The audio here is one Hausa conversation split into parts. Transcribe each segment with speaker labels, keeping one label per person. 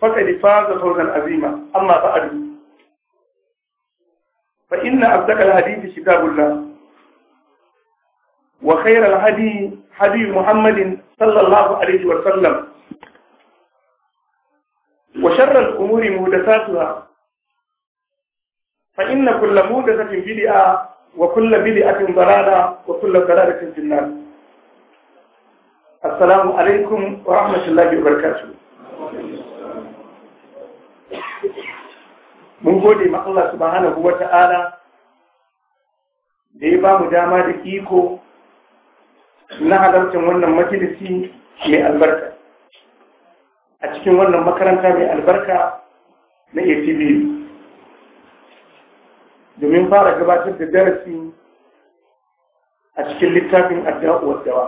Speaker 1: faka di faza faukan azima amma ba adu fa inna abdakal hadithi kitabullah wa khayra al hadi hadi muhammadin sallallahu alaihi wa sallam wa sharra al umuri muhdathatuha fa inna kull muhdathatin bid'a wa kull bid'atin dalala wa kull dalalatin fi an-nar assalamu alaikum wa rahmatullahi wa barakatuh mun gode ma Allah subhanahu wa ta'ala da ya ba mu dama da iko na halartar wannan majalisi mai albarka a cikin wannan makaranta mai albarka na ATV domin fara gabatar da darasi a cikin littafin addu'a dawa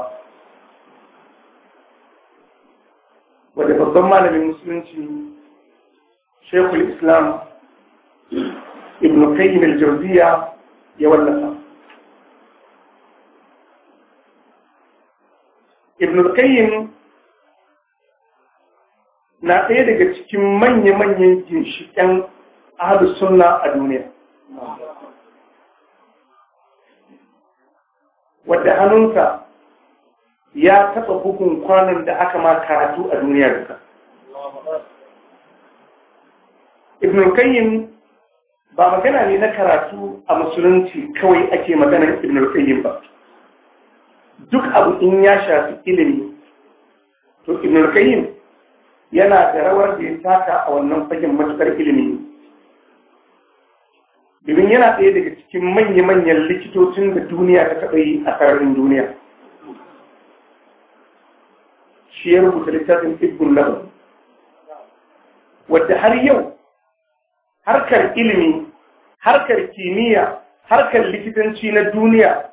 Speaker 1: wadda babban malamin musulunci shekul islam ibn qayyim al-jawziya ya wallafa na ɗaya daga cikin manya-manyan ginshiƙen ahlus sunna a duniya wadda hannunka ya taɓa bugun kwanan da aka ma karatu a duniya duka. Ibn Qayyim ba magana ne na karatu a musulunci kawai ake maganar ibn al-qayyim ba duk abu in ya shafi ilimi to ibn al-qayyim yana da rawar da ya taka a wannan fagen matukar ilimi domin yana ɗaya daga cikin manya-manyan likitocin da duniya ta taɓa yi a sararin duniya shi ya rubuta littafin ibn lahu wadda har yau harkar ilimi harkar kimiyya harkar likitanci na duniya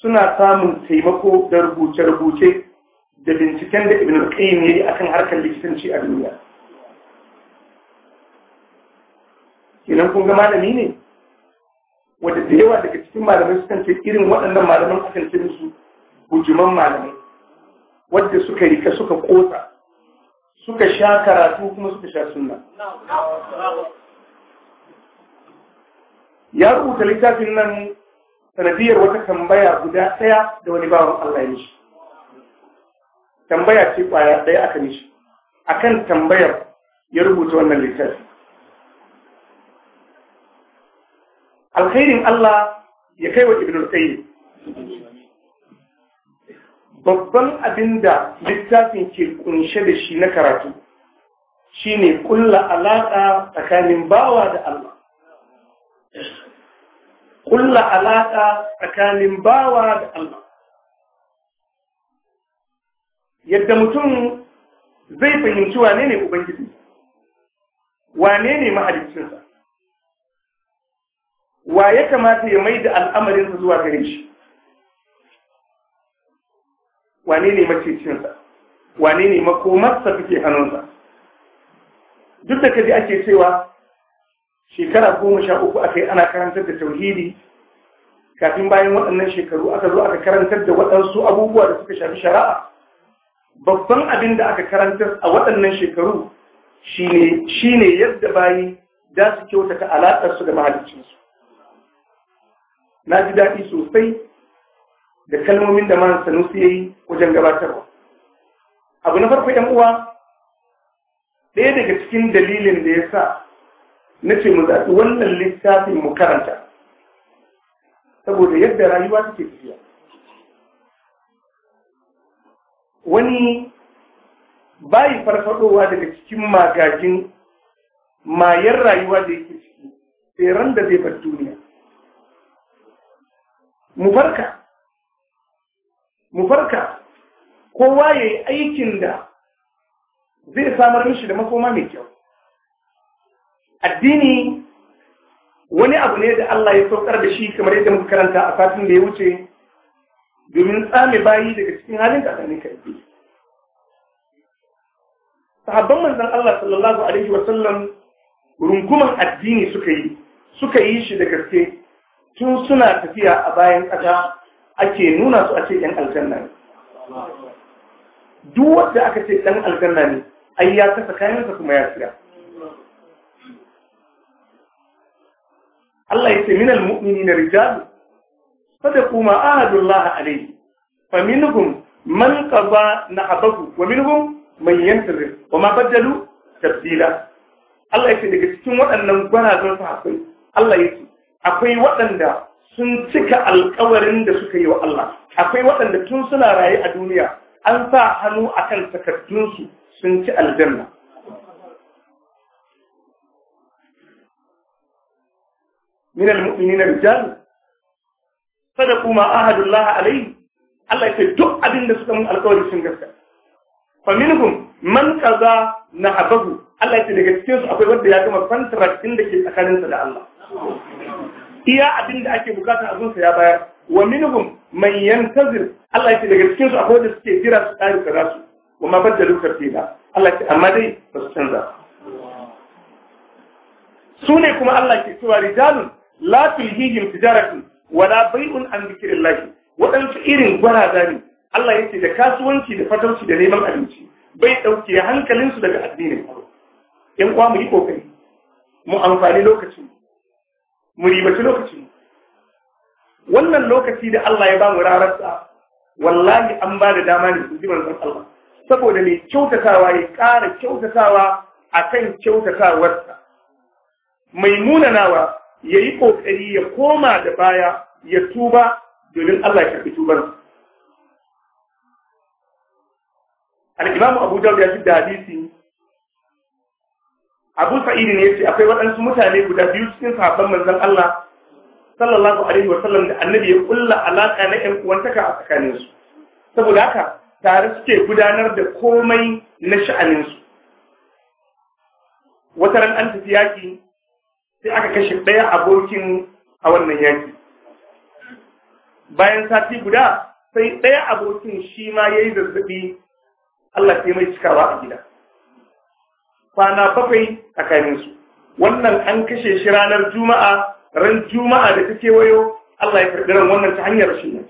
Speaker 1: suna samun taimako da rubuce-rubuce da binciken da ibn al-qayyim yayi akan harkar likitanci a duniya idan kun ga malami ne wanda da yawa daga cikin malamai sukan ce irin waɗannan malaman akan ce musu bujuman malamai wadda suka rika suka kosa suka sha karatu kuma suka sha sunna ya rubuta littafin nan sanadiyar wata tambaya guda ɗaya da wani bawan Allah ya mishi tambaya ce ƙwaya ɗaya aka mishi akan tambayar ya rubuta wannan littafi alkhairin Allah ya kai wa ibn qayyim babban abin da littafin ke kunshe da shi na karatu shine kulla alaƙa tsakanin bawa da Allah kulla alaƙa tsakanin bawa da Allah. Yadda mutum zai fahimci wane ne Ubangiji, wane ne mahaliccinsa, wa ya kamata ya mai da al'amarinsa zuwa gare shi, wane ne macicinsa, wane ne makomarsa suke hannunsa. Duk da kaji ake cewa shekara goma sha uku aka yi ana karantar da tauhidi kafin bayan waɗannan shekaru aka zo aka karantar da waɗansu abubuwa da suka shafi shari'a babban abin da aka karantar a waɗannan shekaru shi ne yadda bayi za su kyautata alaƙarsu da mahaliccinsu na ji daɗi sosai da kalmomin da man sanusi ya yi wajen gabatarwa abu na farko ‘yan uwa ɗaya daga cikin dalilin da ya sa na ce mu zaɓi wannan littafin mu karanta saboda yadda rayuwa take tafiya wani bayi farfadowa daga cikin magajin mayar rayuwa da yake ciki sai ran da zai bar duniya mu farka mu farka kowa ya yi aikin da zai samar mishi da makoma mai kyau addini wani abu ne da Allah ya saukar da shi kamar yadda muka karanta a satin da ya wuce domin tsame bayi daga cikin halin da Allah karfi sahabban manzon Allah sallallahu alaihi wasallam runguman addini suka yi suka yi shi da gaske tun suna tafiya a bayan ƙasa ake nuna su a ce ‘yan aljanna ne. Duk wanda aka ce ɗan aljanna ne, ai ya kasa kayansa kuma ya tsira Allah yace minal mu'minina rijal sadaqu ma ahadullah alayhi faminhum man qada na'abahu wa minhum man yantarir wa ma badalu tabdila Allah yace daga cikin waɗannan gwarazan sahabbai Allah yace akwai waɗanda sun cika alƙawarin da suka yi wa Allah akwai waɗanda tun suna raye a duniya an sa hannu akan takardunsu sun ci aljanna min almu'minina rijal sadaqu ma ahadullah alayhi Allah ya na habahu Allah din iya abin da ake bukata a gunsa ya bayar wa minhum man yantazir Allah daga cikin su wanda suke jira su tsari kaza wa ma Allah amma dai ba su canza su ne kuma Allah ke cewa rijalun la tulhihim tijaratu wala bai'un an dhikrillah waɗansu irin gwaraza ne Allah yake da kasuwanci da fatarci da neman abinci bai ɗauke hankalinsu daga addini in kwa mu yi ƙoƙari mu amfani lokacin mu ribaci lokacin wannan lokaci da Allah ya ba mu rararsa wallahi an ba da dama ne ji manzon Allah saboda mai kyautatawa ya ƙara kyautatawa akan kan kyautatawarsa mai munanawa ya yi ƙoƙari ya koma da baya ya tuba domin Allah ya karɓi tubar. Al'imamu Abu ya fi da hadisi Abu Sa'id ne ya ce akwai waɗansu mutane guda biyu cikin sahabban manzon Allah sallallahu alaihi wa da annabi ya ƙulla alaƙa na ƴan uwantaka a tsakaninsu. Saboda haka tare suke gudanar da komai na sha'aninsu. Wata ran an tafi yaƙi sai aka kashe ɗaya abokin a wannan yaki bayan sati guda sai ɗaya abokin shi ma ya yi zazzaɓi Allah sai mai cikawa a gida kwana bakwai tsakaninsu wannan an kashe shi ranar juma'a ran juma'a da ta kewayo Allah ya karɓi ran wannan ta hanyar shi ne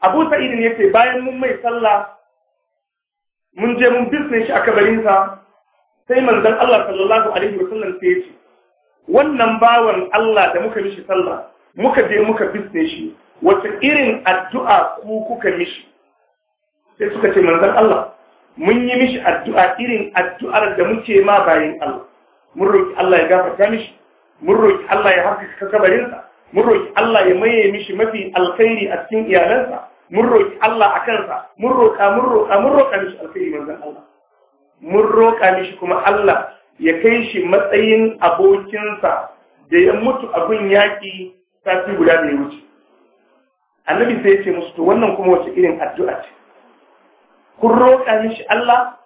Speaker 1: Abu Sa'id ne ce bayan mun mai sallah mun je mun bisne shi a kabarinsa sai manzon Allah sallallahu alaihi wa sallam sai ya ce wannan bawan Allah da muka mishi sallah muka je muka bisne shi wata irin addu'a ku kuka mishi sai suka ce manzon Allah mun yi mishi addu'a irin addu'ar da muke ma bayan Allah mun roki Allah ya gafarta mishi mun roki Allah ya haskaka kabarinsa mun roki Allah ya maye mishi mafi alkhairi a cikin iyalansa mun roki Allah a kansa mun roka mun roka mun roka mishi alkhairi manzon Allah mun roƙa mishi kuma Allah ya kai shi matsayin abokinsa da ya mutu abin yaƙi sati guda da ya wuce. Annabi sai ya ce musu to wannan kuma wace irin addu'a ce. Kun roƙa mishi Allah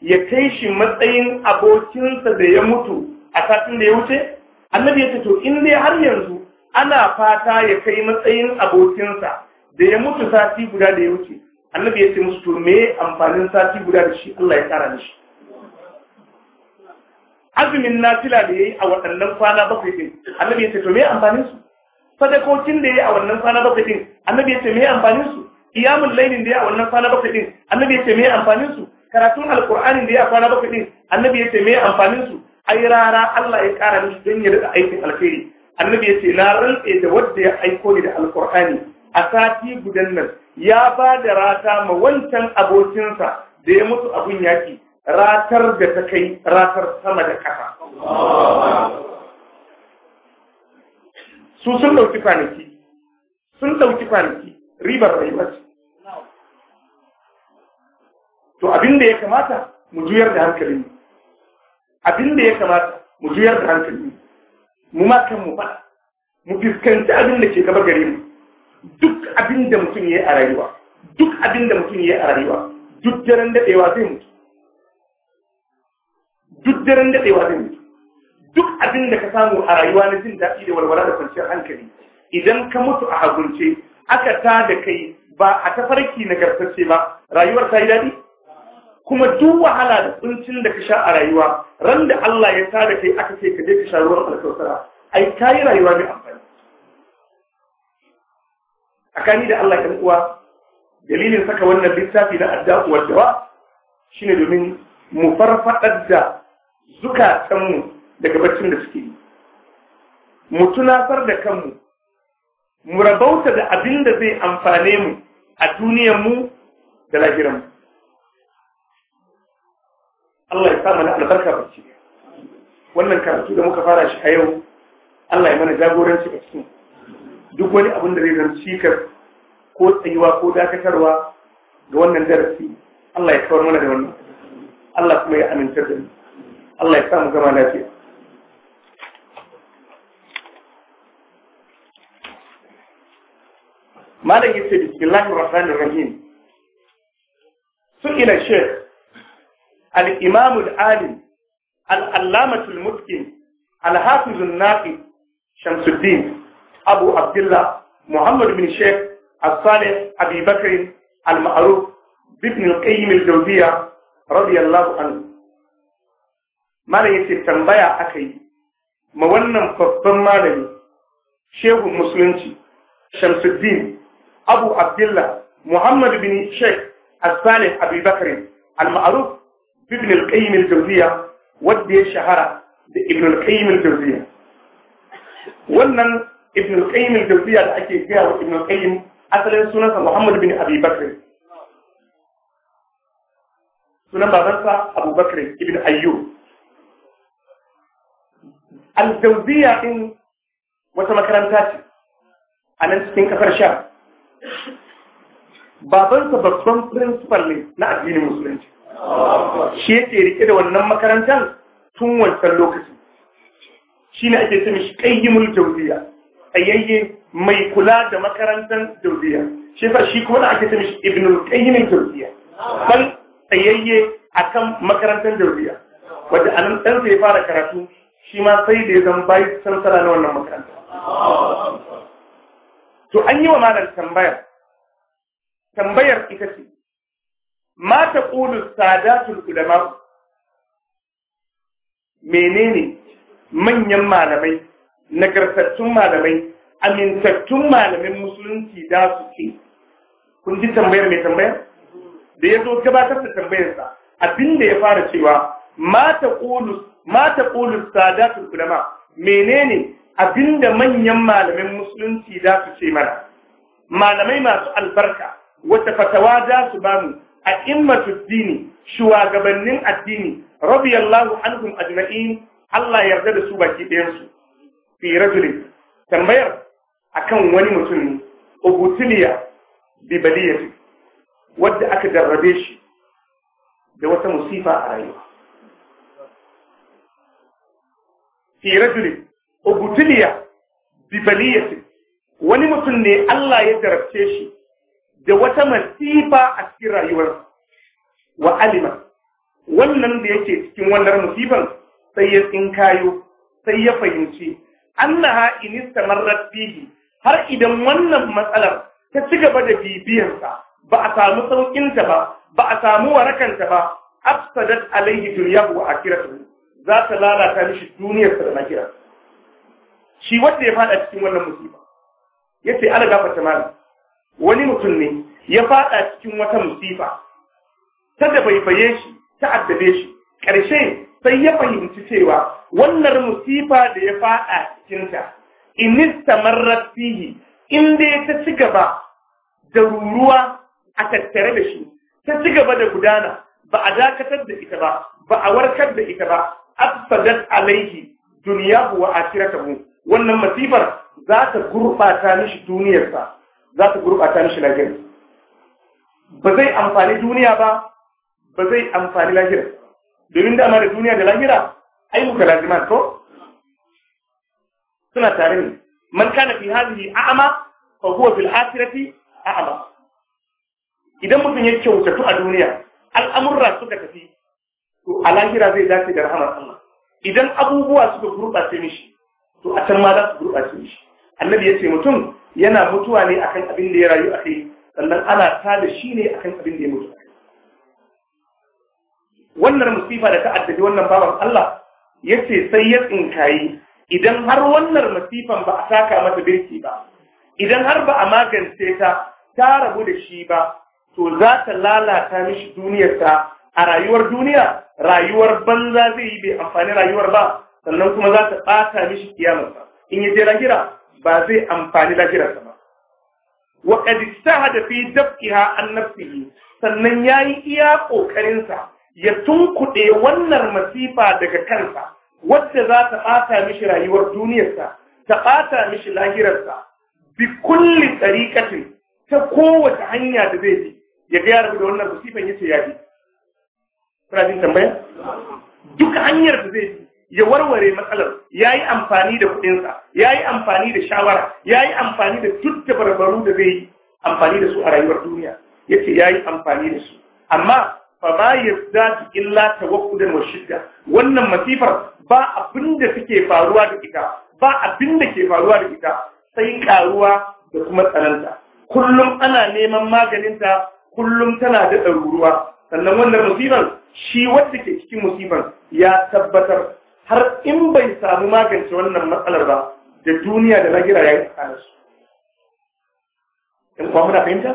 Speaker 1: ya kai shi matsayin abokinsa da ya mutu a satin da ya wuce? Annabi ya ce to in dai har yanzu ana fata ya kai matsayin abokinsa da ya mutu sati guda da ya wuce. Annabi ya ce musu to me amfanin sati guda da shi Allah ya tsara da shi. azumin nafila da ya yi a waɗannan kwana bakwai ɗin, annabi ya ce to me amfanin su sadakokin da ya yi a wannan kwana bakwai ɗin, annabi ya ce me amfanin su Iyamun Lainin da ya yi a wannan kwana bakwai ɗin, annabi ya ce me amfanin su karatun alqur'anin da ya yi a kwana bakwai ɗin, annabi ya ce me amfanin su ai rara Allah ya ƙara musu don ya rika aikin alkhairi annabi ya ce na rantse da wanda ya aiko ni da alqur'ani a sati gudan nan ya ba da rata ma wancan abokinsa da ya mutu abun yaƙi ratar da ta kai ratar sama da ƙasa. Su sun ɗauki kwanaki, sun ɗauki kwanaki ribar rayuwar. To abin da ya kamata mu juyar da hankali ne. Abin da ya kamata mu juyar da hankali ne. Mu ma kan mu faɗa, mu fiskanci abin da ke gaba gare mu. Duk abin da mutum ya yi a rayuwa, duk abin da mutum ya yi a rayuwa, duk daren daɗewa zai mutu. duk daren daɗewa zai mutu duk abin da ka samu a rayuwa na jin daɗi da walwala da kwanciyar hankali idan ka mutu a hagunce aka ta da kai ba a tafarki gartacce ba rayuwar ta yi daɗi kuma duk wahala da tsuncin da ka sha a rayuwa ran da Allah ya ta da kai aka ce ka je ka sha ruwan alkausara ai ta yi rayuwa mai amfani tsakani da Allah kan uwa dalilin saka wannan littafi na addu'a dawa shine domin mu farfadar da zukatanmu daga baccin da suke yi mu tunafar da kanmu mu rabauta da abin da zai amfane mu a duniyarmu da lahiranmu Allah ya sa mana albarka bacci wannan karatu da muka fara shi a yau Allah ya mana jagoranci a cikin duk wani abin da zai zama cikar ko tsayuwa ko dakatarwa ga wannan darasi Allah ya kawar mana da wannan Allah kuma ya amintar da mu Allah ya samu gama lafiya. Malam yace bismillah rahman rahim Su'ila Sheikh al-Imam al-Alim al-Allama al-Mutqin al Shamsuddin Abu Abdullah Muhammad bin Sheikh الصالح أبي بكر المعروف بابن القيم الجوزية رضي الله عنه malam yace tambaya aka yi ma wannan babban malami shehu musulunci shamsuddin abu abdullah muhammad bin sheikh as-salih abi bakr al-ma'ruf ibn al-qayyim al-jawziya ya shahara da ibn al-qayyim al wannan ibn al-qayyim al da ake gaya wa ibn al-qayyim asalin sunansa muhammad bin abi bakr sunan babansa abubakar ibn ayyub aljauziya ɗin wata makaranta ce a nan cikin ƙasar sha babansa babban firinsifal ne na addinin musulunci shi yake rike da wannan makarantar tun wancan lokaci shi ne ake sami shi mul jauziya tsayayye mai kula da makarantar jauziya shi fa shi kuma ake sami shi ibnul ƙayyimin jauziya kan tsayayye akan makarantar jauziya a anan ɗansa ya fara karatu shi ma sai da ya zan bai sansara na wannan makaranta to an yi wa malam tambayar tambayar ita ce ma ta ƙulu sadatul ulama menene manyan malamai nagartattun malamai amintattun malamin musulunci da su ke? kun ji tambayar mai tambayar da ya zo gabatar da tambayarsa abin da ya fara cewa ma ta ƙulu ma taqulu sadatul ulama menene abinda manyan malamin musulunci za su ce mana malamai masu albarka wata fatawa za su bamu a immatu dini shugabannin addini radiyallahu anhum ajma'in Allah yarda da su baki ɗayan su fi rajulin tambayar akan wani mutum ne ubutiliya bi wadda aka jarrabe shi da wata musifa a rayuwa fi rajulin ubtuliya bi wani mutum ne Allah ya jarabce shi da wata masifa a cikin rayuwar wa alima wannan da yake cikin wannan musiban sai ya tsinkayo sai ya fahimci annaha inistamarrat bihi har idan wannan matsalar ta ci gaba da bibiyarsa ba a samu ta ba ba a samu warakanta ba afsadat alaihi dunyahu wa akhiratuhu za ta lalata mishi duniyar sa da lahira shi wanda ya fada cikin wannan musiba ce ala gafarta malam wani mutum ne ya fada cikin wata musiba ta da baibaye shi ta addabe shi ƙarshe sai ya fahimci cewa wannan musifa da ya faɗa cikinta inista marrat fihi in dai ta ci gaba da ruruwa a tattare da shi ta ci gaba da gudana ba a dakatar da ita ba ba a warkar da ita ba afsadat alaihi duniyahu wa akhiratuhu wannan masifar za ta gurbata mishi duniyarsa za ta gurbata mishi lahira ba zai amfani duniya ba ba zai amfani lahira domin dama da duniya da lahira ai muka lazima ko suna tare ne man kana fi hadhihi a'ma fa huwa fil akhirati a'ma idan mutum ya kyautatu a duniya al'amurra suka tafi to a lahira zai dace da rahama Allah idan abubuwa suka gurɓace mishi to a can ma za su gurɓace mishi annabi ya ce mutum yana mutuwa ne akan abin da ya rayu a kai sannan ana tada shi ne akan abin da ya mutu wannan musifa da ta addabi wannan baban Allah ya ce sai ya tsinkayi idan har wannan masifan ba a taka mata birki ba idan har ba a magance ta ta rabu da shi ba to za ta lalata mishi duniyarta a rayuwar duniya rayuwar banza zai yi bai amfani rayuwar ba sannan kuma za ta ɓata mishi kiyamarsa in ya je lahira ba zai amfani lahirarsa ba wa qad hadafi fi dafqiha an nafsihi sannan yi iya ƙoƙarinsa ya tunkuɗe wannan masifa daga kansa wacce za ta ɓata mishi rayuwar duniyarsa ta ɓata mishi lahirarsa bi kulli tsarikatin ta kowace hanya da zai bi ya ga ya rabu da wannan masifan yace ya bi kuna jin tambaya duk hanyar da zai ya warware matsalar ya yi amfani da kuɗinsa ya yi amfani da shawara ya yi amfani da duk dabarbaru da zai yi amfani da su a rayuwar duniya ya ce ya yi amfani da su amma fa ba yarda zaɗi illa ta wakku wa shidda wannan masifar ba abin da suke faruwa da ita ba abin da ke faruwa da ita sai karuwa da kuma tsananta kullum ana neman maganinta kullum tana da ɗaruruwa sannan wannan masifar shi wanda ke cikin musibar ya tabbatar har in bai samu magance wannan matsalar ba da duniya da lahira ya yi tsakaninsu. In kuma muna fahimta?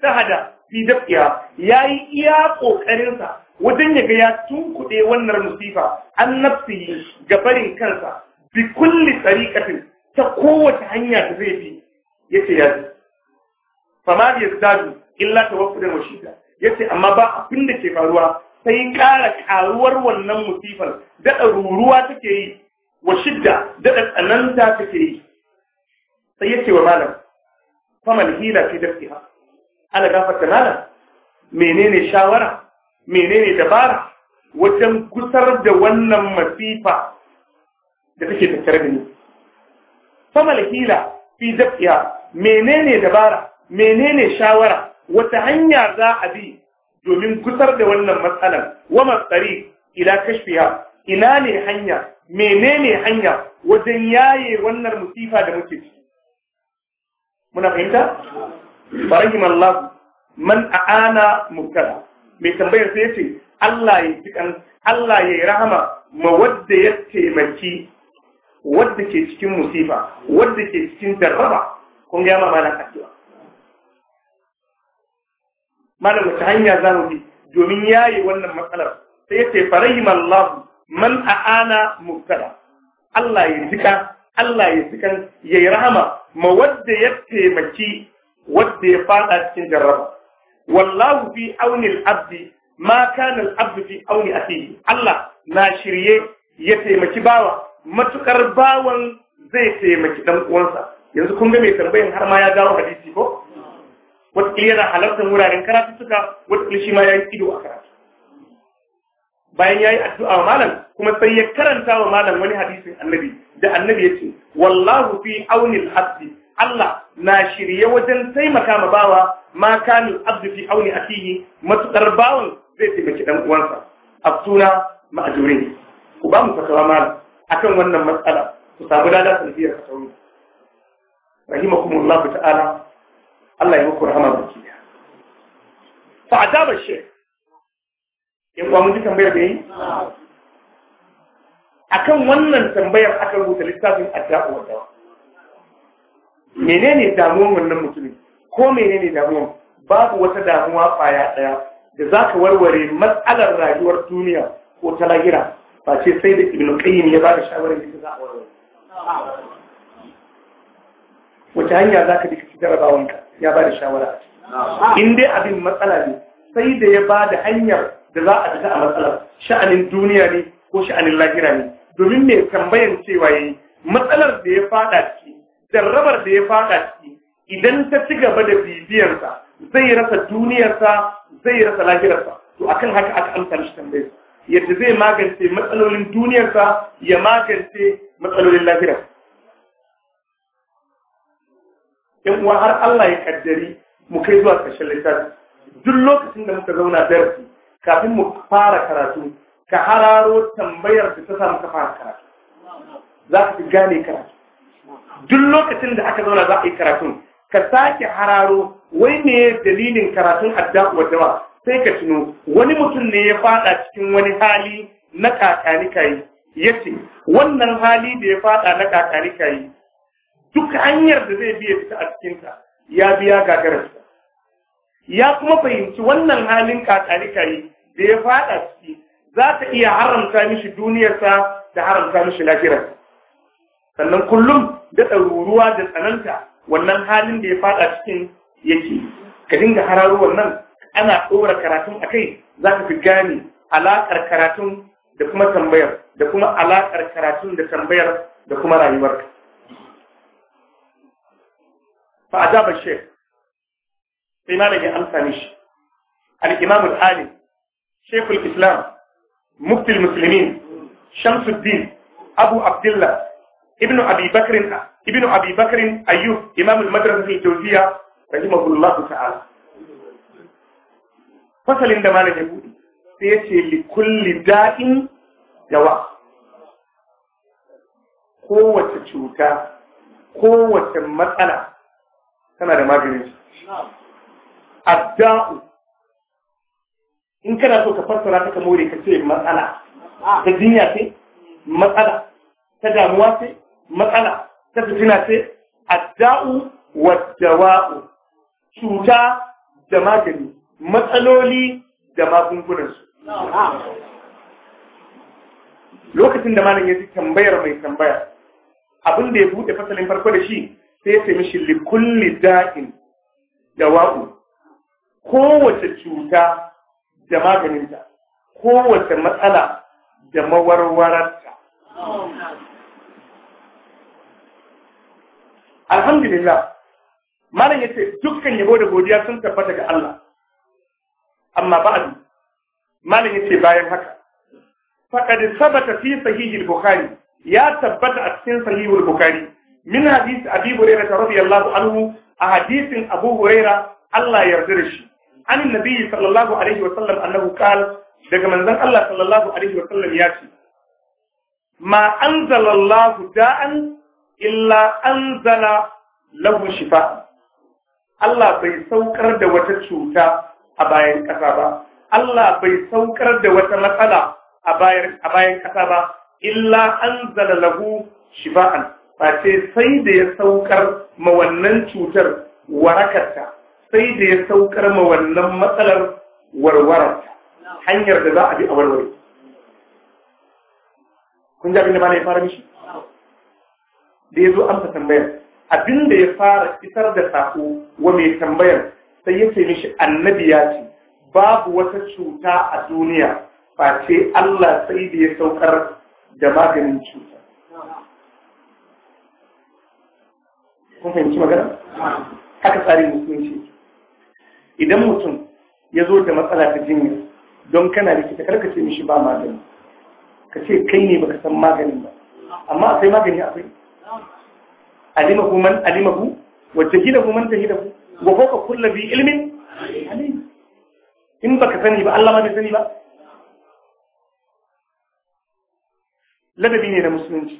Speaker 1: ta hada fi dafiya ya yi iya ƙoƙarinsa wajen ya ga ya tunkuɗe wannan musifa an nafsihi ga barin kansa bi kulli tsariƙatin
Speaker 2: ta kowace
Speaker 1: hanya da zai bi ya ce ya ji. Fama ya illa ta da Ya ce, amma ba abin da ke faruwa sai ƙara karuwar wannan musifar daɗa ruruwa take yi wa shidda daɗa tsananta take yi sai ya ce wa malam famal hila fi ha. ala gafarta malam menene shawara menene dabara wajen gusar da wannan masifa da take tattare da ni famal hila fi dafiha menene dabara menene shawara wata hanya za a bi domin gusar da wannan matsalar Wamar tsari ila kashfiya. ina ne hanya menene hanya wajen yaye wannan musifa da muke ciki muna fahimta barahim Allah man aana mubtada mai tambayar sai yace Allah ya ji Allah ya rahama ma wadda ya taimaki wadda ke cikin musifa wadda ke cikin jarraba kun ga malam wata hanya za mu bi domin yaye wannan matsalar sai ya ce farahima Allah man a'ana mubtada Allah ya jika Allah ya jika ya yi rahama ma wadda ya taimaki wadda ya fada cikin jarraba wallahu fi auni al-abdi ma kana al-abdu fi auni akhihi Allah na shirye ya taimaki bawa matukar bawan zai taimaki dan uwansa yanzu kun ga mai tambayin har ma ya dawo hadisi ko Wataƙila yana halartar wuraren karatu suka wata shi ma ya yi ido a karatu bayan ya yi addu'a wa malam kuma sai ya karanta wa malam wani hadisin annabi da annabi ya ce wallahu fi aunil abdi Allah na shirye wajen taimaka ma bawa ma kamin abdu fi auni akihi matukar bawan zai taimaki dan uwansa abtuna ma'ajurin ku ba mu fakawa malam akan wannan matsala ku samu lada sanadiyar fasawi rahimakumullahu ta'ala Allah ya muku rahama da kiyaye. fa adaba shi in kuwa mun ji tambayar da yi akan wannan tambayar aka rubuta littafin addu'a wa dawa menene damuwan wannan mutumin ko menene damuwan babu wata damuwa faya daya da za ka warware matsalar rayuwar duniya ko ta lahira ba ce sai da ibnu qayyim ya bada shawarar da za a
Speaker 2: warware wace hanya
Speaker 1: za ka dika ci jarabawanka ya ba da shawara in dai abin matsala ne sai da ya ba da hanyar da za a fita a matsalar sha'anin duniya ne ko sha'anin lahira ne domin mai tambayan cewa yi matsalar da ya fada ciki jarrabar da ya fada ciki idan ta ci gaba da bibiyarsa zai rasa duniyarsa zai rasa lahirarsa to akan haka aka amsa shi tambayar yadda zai magance matsalolin duniyarsa ya magance matsalolin lahirarsa in wa har Allah ya kaddari mu kai zuwa ƙarshen littafi duk lokacin da muka zauna darasi kafin mu fara karatu ka hararo tambayar da ta samu ka fara karatu za ka fi gane karatu duk lokacin da aka zauna za a yi karatu, ka sake hararo wai ne dalilin karatun adda wa dawa sai ka tuno wani mutum ne ya fada cikin wani hali na kakanikayi yace wannan hali da ya fada na kakanikayi duk hanyar da zai biya fita a cikinta ya biya gagararsa ya kuma fahimci wannan halin kakari da ya fada ciki za ta iya haramta mishi duniyarsa da haramta mishi lafiyarsa sannan kullum da ɗaruruwa da tsananta wannan halin da ya fada cikin yake ka dinga hararo wannan ana ɗora karatun a kai za ka fi gane alaƙar karatun da kuma tambayar da kuma alaƙar karatun da tambayar da kuma rayuwarka fa a shaykh sai malam ya amsa mishi al-imam Ali alim shaykh al-islam mufti al-muslimin shamsuddin abu abdullah ibn abi bakr ibn abi bakr ayyub imam al fasalin da malam ya bude sai ya ce kulli daɗin dawa cuta kowace matsala kana da maganin shi adda'u in kana so ka fassara ta ka more ka ce matsala ta jinya ce matsala ta damuwa ce matsala ta fitina ce adda'u wa dawa'u cuta da magani matsaloli da magungunansu lokacin da malam ya ji tambayar mai tambaya abin da ya buɗe fasalin farko da shi sai ta mishi likulli da'in da wa'u kowace cuta da maganinta kowace matsala da mawarwararta alhamdulillah malam ya ce dukkan yabo da godiya sun tabbata ga Allah amma ba'du malam ya ce bayan haka faqad sabata fi sahih al ya tabbata a cikin sahih al min hadisi abi hurairah radiyallahu anhu a hadisin abu hurairah Allah yarda da shi an nabi sallallahu alaihi wa sallam annahu qala daga manzon Allah sallallahu alaihi wa sallam ya ce ma anzala anzalallahu da'an illa anzala lahu shifa Allah bai saukar da wata cuta a bayan kasa ba Allah bai saukar da wata matsala a bayan kasa ba illa anzala lahu shifa'an face sai da ya saukar ma wannan cutar warakarta sai da ya saukar ma wannan matsalar warwararta hanyar da za a bi a warware kun ja abin da ba ya fara mishi da ya zo amsa tambayar abin da ya fara isar da sako wa mai tambayar sai ya ce mishi annabi ya ce babu wata cuta a duniya face Allah sai da ya saukar da maganin cuta kun fahimci magana haka tsarin musulunci idan mutum ya zo da matsala ta jinya don kana likita kar ka ce mishi ba magani ka ce kai ne baka san maganin ba amma akwai magani akwai alimahu man ku wa jahilahu man jahilahu wa fawqa kulli bi ilmin in baka sani ba Allah ma bai sani ba ladabi ne na musulunci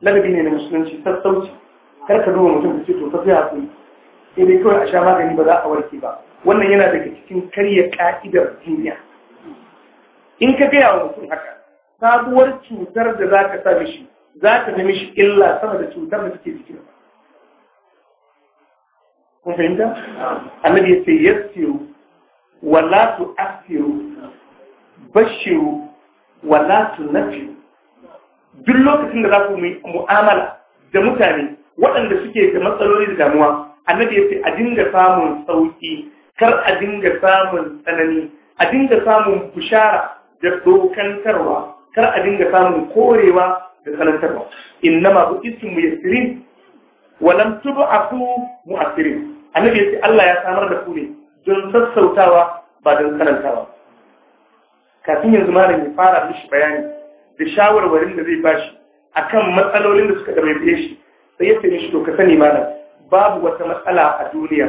Speaker 1: ladabi ne na musulunci sassauci kar ka duba mutum da ce to tafiya ku sai dai kawai a sha magani ba za a warke ba wannan yana daga cikin karya ka'idar duniya in ka gaya wa mutum haka sabuwar cutar da za ka sa mishi za ta ga mishi illa sama da cutar da take jikin kun fahimta annabi ya ce yassiru wala tu asiru bashiru wala tu nafiru duk lokacin da za ku mu'amala da mutane waɗanda suke da matsaloli da damuwa annabi ya ce a dinga samun sauki kar a dinga samun tsanani a dinga samun bushara da dokantarwa kar a dinga samun korewa da tsanantarwa innama bu ismu yasirin walam tub'afu mu'assirin annabi ya ce Allah ya samar da ku ne don sassautawa ba don tsanantawa kafin yanzu malam ya fara mishi bayani da shawarwarin da zai bashi akan matsalolin da suka gabe shi sai ya ce to ka sani malam babu wata matsala a duniya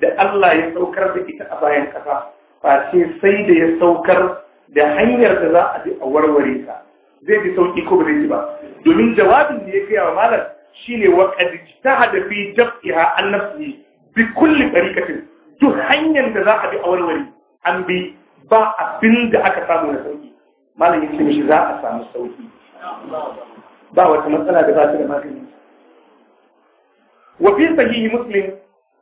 Speaker 1: da Allah ya saukar da ita a bayan kasa ba ce sai da ya saukar da hanyar da za a bi a warware ta zai bi sauki ko ba zai ji ba domin jawabin da ya kai wa malam shine wa qad ijtahada fi a an nafsihi bi kulli tariqatin duk hanyar da za a bi a warware an bi ba abin da aka samu na sauki malam yake mishi za a samu sauki ba wata matsala da ba ta da magani wa fi sahihi muslim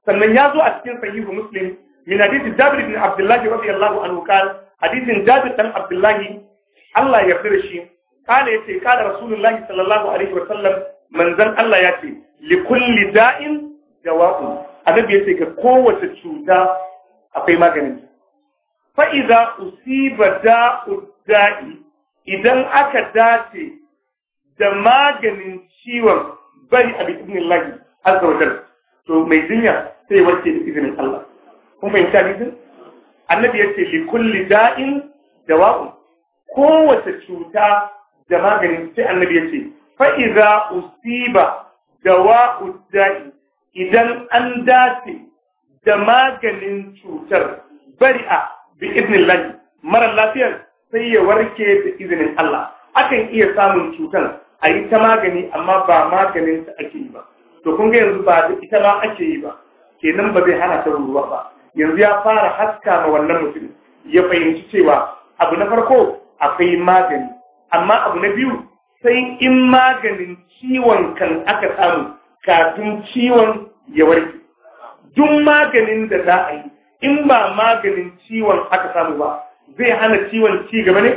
Speaker 1: sannan ya zo a cikin sahihu muslim min hadisi jabir bin abdullahi radiyallahu anhu qala hadisin jabir dan abdullahi Allah ya yarda shi kana yace kana rasulullahi sallallahu alaihi wa sallam Allah ya ce li kulli da'in dawa'un annabi yace ga kowace cuta akwai maganin fa idza usiba da'u da'i idan aka dace da maganin ciwon bari a ibnillahi azza wa jalla to mai jinya sai ya warke da izinin Allah kun fahimta hadisin annabi ya ce kulli da'in dawa'un kowace cuta da maganin sai annabi ya ce fa idza usiba dawa'u da'i idan an dace da maganin cutar bari'a bi idnillahi mara lafiyar sai ya warke da izinin Allah akan iya samun cutar a yi ta magani amma ba maganin ta ake yi ba to kun ga yanzu ba da ita ba ake yi ba kenan ba zai hana ta ruwa ba yanzu ya fara haska ma wannan mutum ya fahimci cewa abu na farko akwai magani amma abu na biyu sai in maganin ciwon kan aka samu kafin ciwon ya warke duk maganin da za a yi in ba maganin ciwon aka samu ba zai hana ciwon ci gaba ne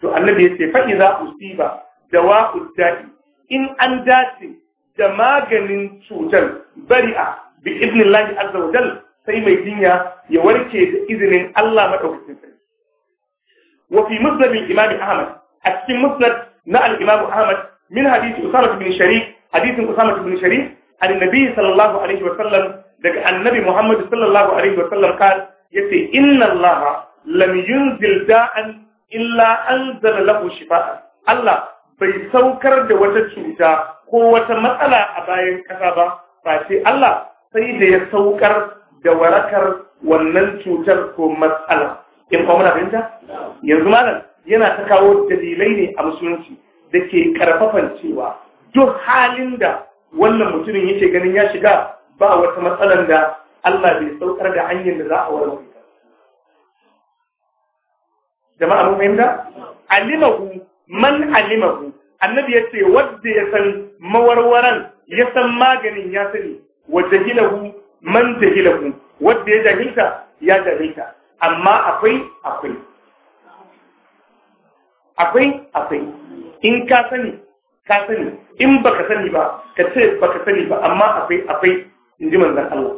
Speaker 1: to annabi ya ce fa'iza usiba wa'u da'i in an dace da maganin cutar bari'a bi iznillahi azza wa jal sai mai jinya ya warke da izinin Allah maɗaukacin sarki Wafi fi musnad imam ahmad a cikin musnad na al-imam ahmad min hadith usama bin sharik hadithin usama bin sharik an nabi sallallahu alaihi wa daga annabi muhammad sallallahu alaihi wa sallam kan yace inna allaha lam yunzil da'an illa anzala lahu shifa'a Allah bai saukar da wata cuta ko wata matsala a bayan ƙasa ba ba sai Allah sai da ya saukar da warakar wannan cutar ko matsala in kuma muna fahimta yanzu malam yana ta kawo dalilai ne a musulunci da ke karfafan cewa duk halin da wannan mutumin yake ganin ya shiga ba wata matsalan da Allah bai saukar da hanyar da za a warware ta jama'a mun fahimta alimahu man alimahu annabi ya ce wadda ya san mawarwaran ya san maganin ya sani wa jahilahu man jahilahu wadda ya jahilta ya jahilta amma akwai akwai akwai akwai in ka sani ka sani in baka sani ba ka ce baka sani ba amma akwai akwai in ji manzon Allah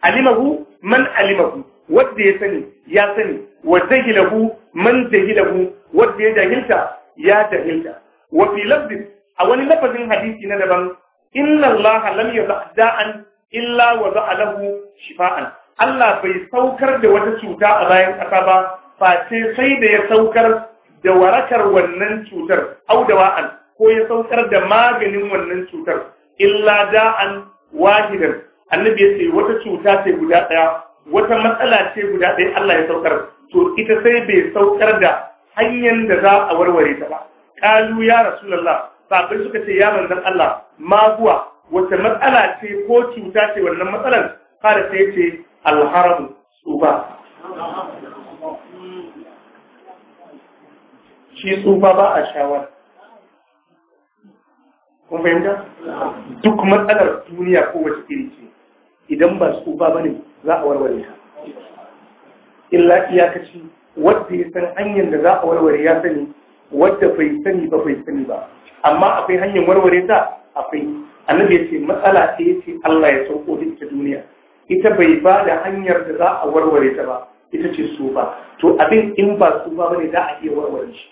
Speaker 1: alimahu man alimahu wadda ya sani ya sani wa jahilahu man jahilahu wadda ya jahilta ya jahilta wa fi lafzin a wani lafazin hadisi na daban inna Allah lam da'an illa wa za'alahu shifa'an Allah bai saukar da wata cuta a bayan ƙasa ba face sai da ya saukar da warakar wannan cutar audawa'an, ko ya saukar da maganin wannan cutar illa da'an wahidan annabi ya ce wata cuta ce guda ɗaya wata matsala ce guda ɗaya Allah ya saukar to ita sai bai saukar da hanyar da za a warware ta ba kalu ya rasulullah sahabbai suka ce ya na Allah Maguwa huwa wata matsala ce ko cuta ce wannan matsalar kada sai ce alharamu tsufa shi tsufa ba a shawar. kun fahimta duk matsalar duniya ko wace iri ce idan ba tsufa ba ne za a warware ta illa iyakaci wadda ya san hanyar da za a warware ya sani wadda bai sani ba bai sani ba amma akwai hanyar warware ta akwai annabi ya ce matsala ce ya ce Allah ya sauko da ita duniya ita bai ba da hanyar da za a warware ta ba ita ce su ba to abin in ba su ba bane za a iya warware shi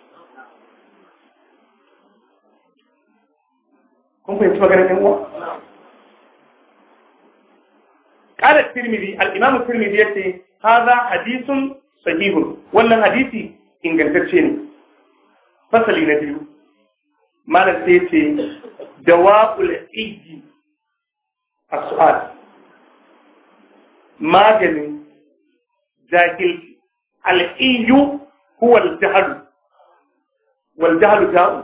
Speaker 1: kun fahimci maganar ɗan uwa قال الترمذي الإمام الترمذي يقول هذا حديث sahihun wannan hadisi ingantacce ne fasali na biyu malam sai ce jawabul iji as-su'al maganin jahilci al-iyu huwa al-jahl wal jahl ta'u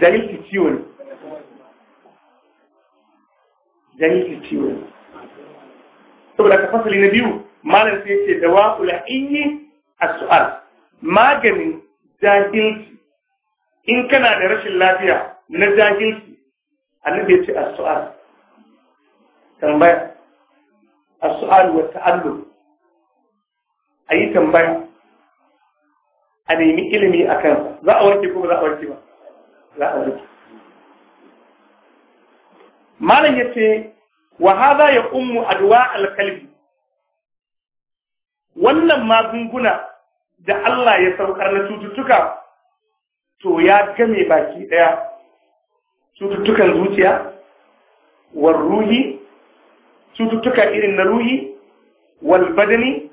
Speaker 1: jahilci ciwo ne jahilci ciwo ne saboda ka fasali na biyu malam sai ce da wa'u ayyi a sual maganin jahilci in kana da rashin lafiya na jahilci annabi ya ce a sual tambaya as-su'al wa a yi tambaya a nemi ilimi a kansa za a warke ko ba za a warke ba za a warke malam ya ce wa hadha ya ummu adwa al wannan magunguna da Allah ya saukar na cututtuka to ya game baki daya cututtukan zuciya war ruhi cututtuka irin na ruhi wal badani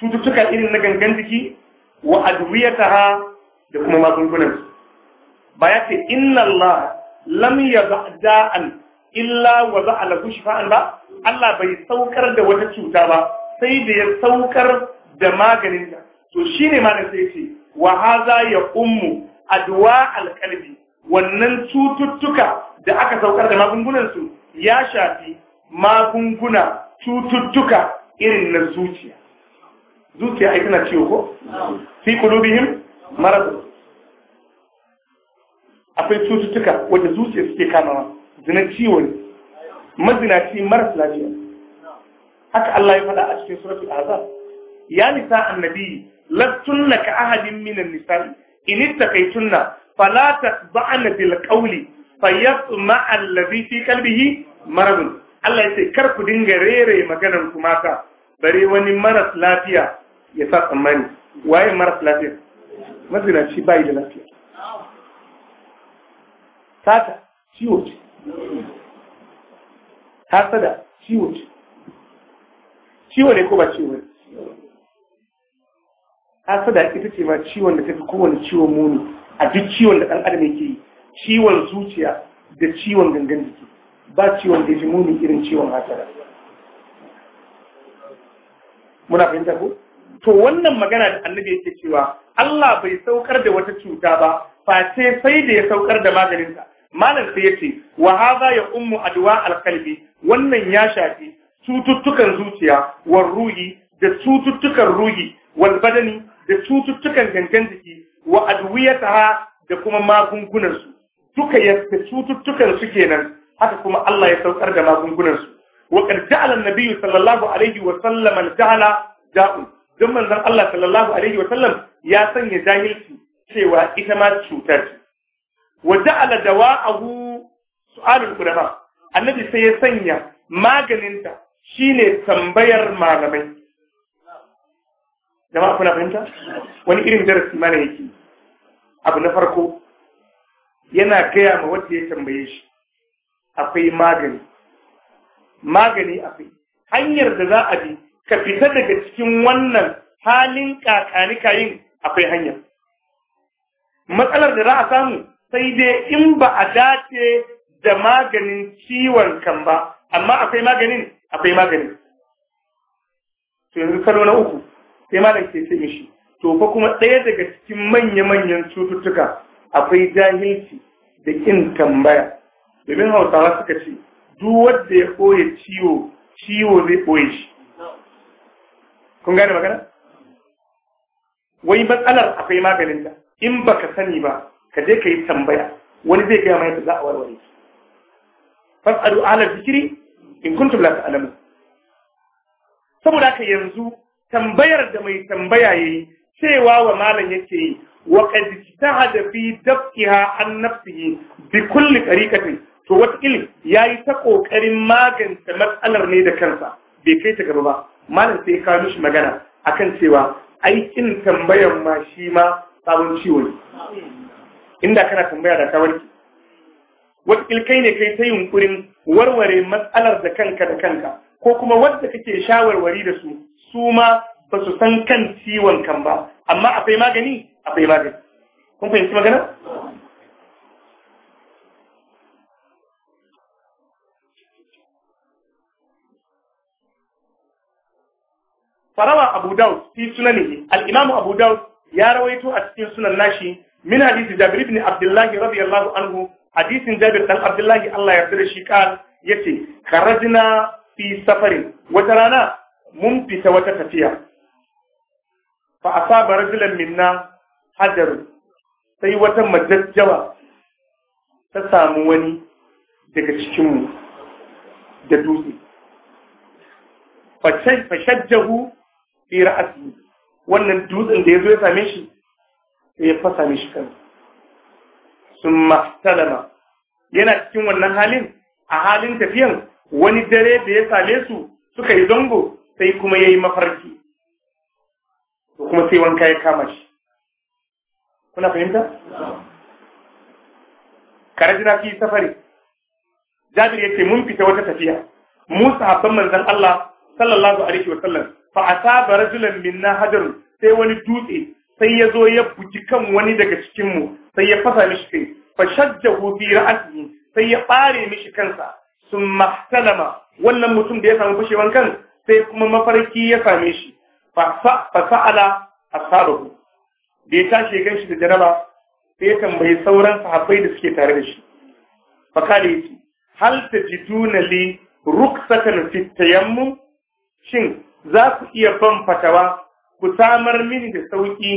Speaker 1: cututtuka irin na gangan jiki wa adwiyataha da kuma magungunan ba ya ce inna Allah lam yaba da'an illa wa za a lagu shifa'an ba Allah bai saukar da wata cuta ba sai da ya saukar da maganin ta to shine ma da sai ce wa haza ya ummu adwa alqalbi wannan cututtuka da aka saukar da magungunan su ya shafi magunguna cututtuka irin na zuciya zuciya ai tana ciwo ko fi qulubihim marad akwai cututtuka wanda zuciya suke kamawa zina ciwo ne
Speaker 2: mazinaci
Speaker 1: marasa lafiya haka Allah ya faɗa a cikin suratul azab ya nisa annabi lastunna ka ahadin minan nisa'i in ittaqaytunna fala taqba'na bil qawli fayatma alladhi fi qalbihi maradun Allah ya ce kar ku dinga rere maganar ku mata bare wani maras lafiya ya sa tsammani waye maras lafiya mazinaci bai da lafiya sata ciwo ce hasada ciwo ce ciwo ne ko ba ciwo ne hasada ita ce ma ciwon da tafi kowane ciwon muni a duk ciwon da ɗan adam yake yi ciwon zuciya da ciwon gangan jiki ba ciwon da muni irin ciwon hasada muna fahimta ko to wannan magana da annabi yake cewa Allah bai saukar da wata cuta ba face sai da ya saukar da maganinta malam sai yace wa hadha ya ummu adwa alqalbi wannan ya shafi cututtukan zuciya war ruhi da cututtukan ruhi wal badani da cututtukan gangan jiki wa adwiyataha da kuma magungunan su duka yadda cututtukan su kenan haka kuma Allah ya saukar da magungunan su wa qad ja'ala an-nabiy sallallahu alaihi wa sallam al dan manzon Allah sallallahu alaihi wa sallam ya sanya jahilci cewa ita ma cutar ce wa ja'ala dawa'ahu su'alul ulama annabi sai ya sanya maganinta shine tambayar malamai jama'a kuna fahimta wani irin darasi mana yake abu na farko yana gaya ma wanda ya tambaye shi akwai magani magani akwai hanyar da za a bi ka fita daga cikin wannan halin kakanikayin akwai hanya matsalar da za a samu sai dai in ba a dace da maganin ciwon kan ba amma akwai maganin akwai maganin to yanzu karo na uku sai malam ke ce mishi to fa kuma ɗaya daga cikin manya-manyan cututtuka akwai jahilci da ƙin tambaya domin hausawa suka ce duk wanda ya ɓoye ciwo ciwo zai ɓoye shi kun gane magana wai matsalar akwai maganin ta in baka sani ba ka je ka yi tambaya wani zai gaya mai za a warware ki fas'alu ala zikri in kuntum la ta'lamun saboda haka yanzu tambayar da mai tambaya yayi cewa wa malam yake wa qad hadafi fi dafkiha an nafsihi bi kulli tariqatin to wata ya yayi ta kokarin magance matsalar ne da kansa bai kai ta gaba ba malam sai ka mishi magana akan cewa aikin tambayar ma shi ma sabon ciwo ne inda kana tambaya da tawarki wakil kai ne kai ta yunkurin warware matsalar da kanka da kanka ko kuma wadda kake shawarwari da su su ma ba su san kan ciwon kan ba amma akwai magani akwai magani
Speaker 2: kun fahimci magana
Speaker 1: farawa abu daud fi sunanihi al abu daud ya rawaito a cikin sunan nashi Mina hadisi Jabir Abdullahi Abdullah radiyallahu anhu hadisin Jabir dan Abdullahi, Allah ya da shi kan yace kharajna fi safarin wata rana mun fita wata tafiya fa asaba rajulan minna hajar sai wata majajjawa ta sami wani daga cikinmu da dutse fashajjahu fi ra'asi wannan dutsen da ya zo ya same shi ya fasa mishi kan sun mahtalama yana cikin wannan halin a halin tafiyan wani dare da ya same su suka yi zango sai kuma ya yi mafarki to kuma sai wanka ya kama shi kuna fahimta karajina fi safari jabir ya ce mun fita wata tafiya Musa, sahabban manzan Allah sallallahu alaihi wa sallam fa asaba rajulan minna hajarun sai wani dutse sai ya zo ya bugi kan wani daga cikinmu sai ya fasa mishi kai fa hu bi ra'atihi sai ya bare mishi kansa sun mahtalama wannan mutum da ya samu fashewan kan sai kuma mafarki ya same shi fa sa'ala ashabahu da ya tashi gan shi da jaraba sai ya tambayi sauran sahabbai da suke tare da shi fa kale yace hal tajiduna li ruksatan fit tayammum shin za ku iya ban fatawa ku samar mini da sauki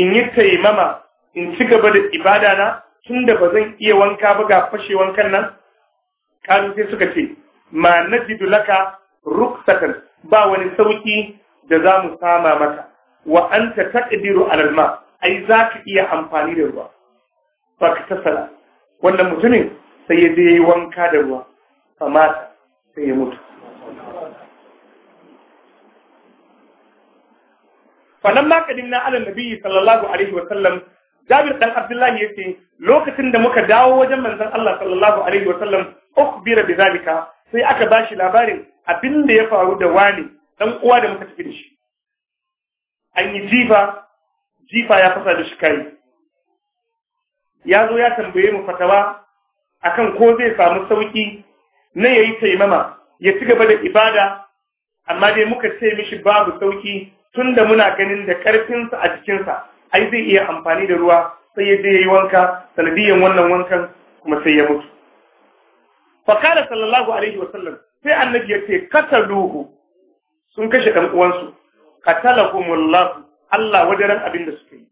Speaker 1: in yi taimama in ci gaba da ibada na tun da ba zan iya wanka ba ga fashe wankan nan kalu sai suka ce ma najidu laka ruksatan ba wani sauki da za mu sama maka wa anta taqdiru alal ma ai za ka iya amfani da ruwa ba ka tasala wannan mutumin sai ya je wanka da ruwa amma sai ya mutu falamma qadimna na nabiyyi sallallahu alaihi wa sallam Jabir dan Abdullahi yace lokacin da muka dawo wajen manzon Allah sallallahu alaihi wa sallam ukhbira bi zalika sai aka bashi labarin abin da ya faru da wani dan uwa da muka tafi da shi an yi jifa jifa ya fasa da shi kayi. ya zo ya tambaye mu fatawa akan ko zai samu sauki na yayi taimama ya ci gaba da ibada amma dai muka ce mishi babu sauki Tun da muna ganin da karfinsa a jikinsa ai zai iya amfani da ruwa sai ya je yayi wanka sanadiyyan wannan wankan kuma sai ya mutu fa da sallallahu alaihi wa sallam sai annabi ya ce kataluhu sun kashe dan uwansu qatalahumullah Allah wadaran abin da suke yi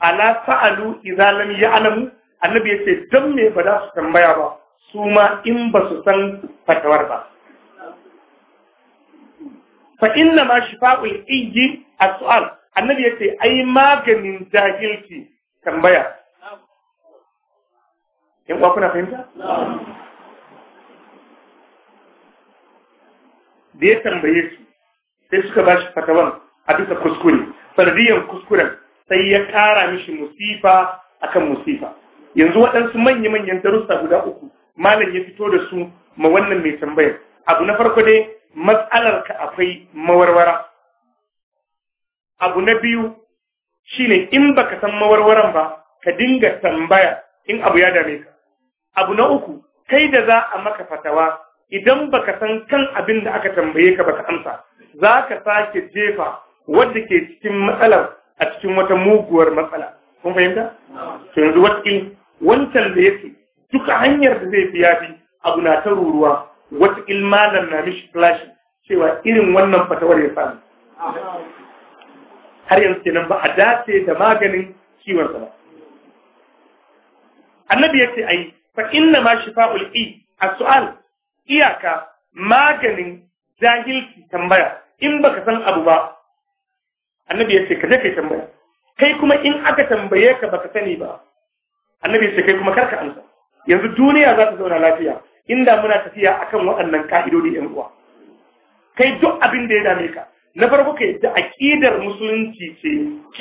Speaker 1: ala fa'alu idza lam ya'lamu annabi ya ce dan me ba za su tambaya ba su ma in ba su san fatawar ba fa inna ma shifa'ul ijji as-su'al annabi yace ai maganin jahilci tambaya kin ku kuna fahimta da ya tambaye su sai suka ba shi fatawan a duka kuskure fardiyan kuskuren sai ya kara mishi musifa akan musifa yanzu waɗansu manya-manyan darussa guda uku malam ya fito da su ma wannan mai tambayar abu na farko dai Matsalar ka akwai mawarwara. Abu na biyu shi ne in baka san mawarwaran ba, ka dinga tambaya in abu ya dame ka. Abu na uku, kai da za a maka fatawa idan baka san kan abin da aka tambaye ka ka amsa, za ka sake jefa wadda ke cikin matsalar a cikin wata muguwar matsala. Kun fahimta? To yanzu wancan da yake duka hanyar da zai fi yafi abu na ta ruruwa wata ilmanan na mishi flashi cewa irin wannan fatawar ya samu har yanzu kenan ba a dace da maganin ciwon ba annabi ya ce ai fa inna ma shifa'ul i as-su'al iyaka maganin jahilci tambaya in baka san abu ba annabi ya ce ka je kai tambaya kai kuma in aka tambaye ka baka sani ba annabi ya ce kai kuma karka amsa yanzu duniya za ta zauna lafiya inda muna tafiya akan waɗannan ka'idodi yan uwa kai duk abin da ya dame ka na farko kai da aqidar musulunci ce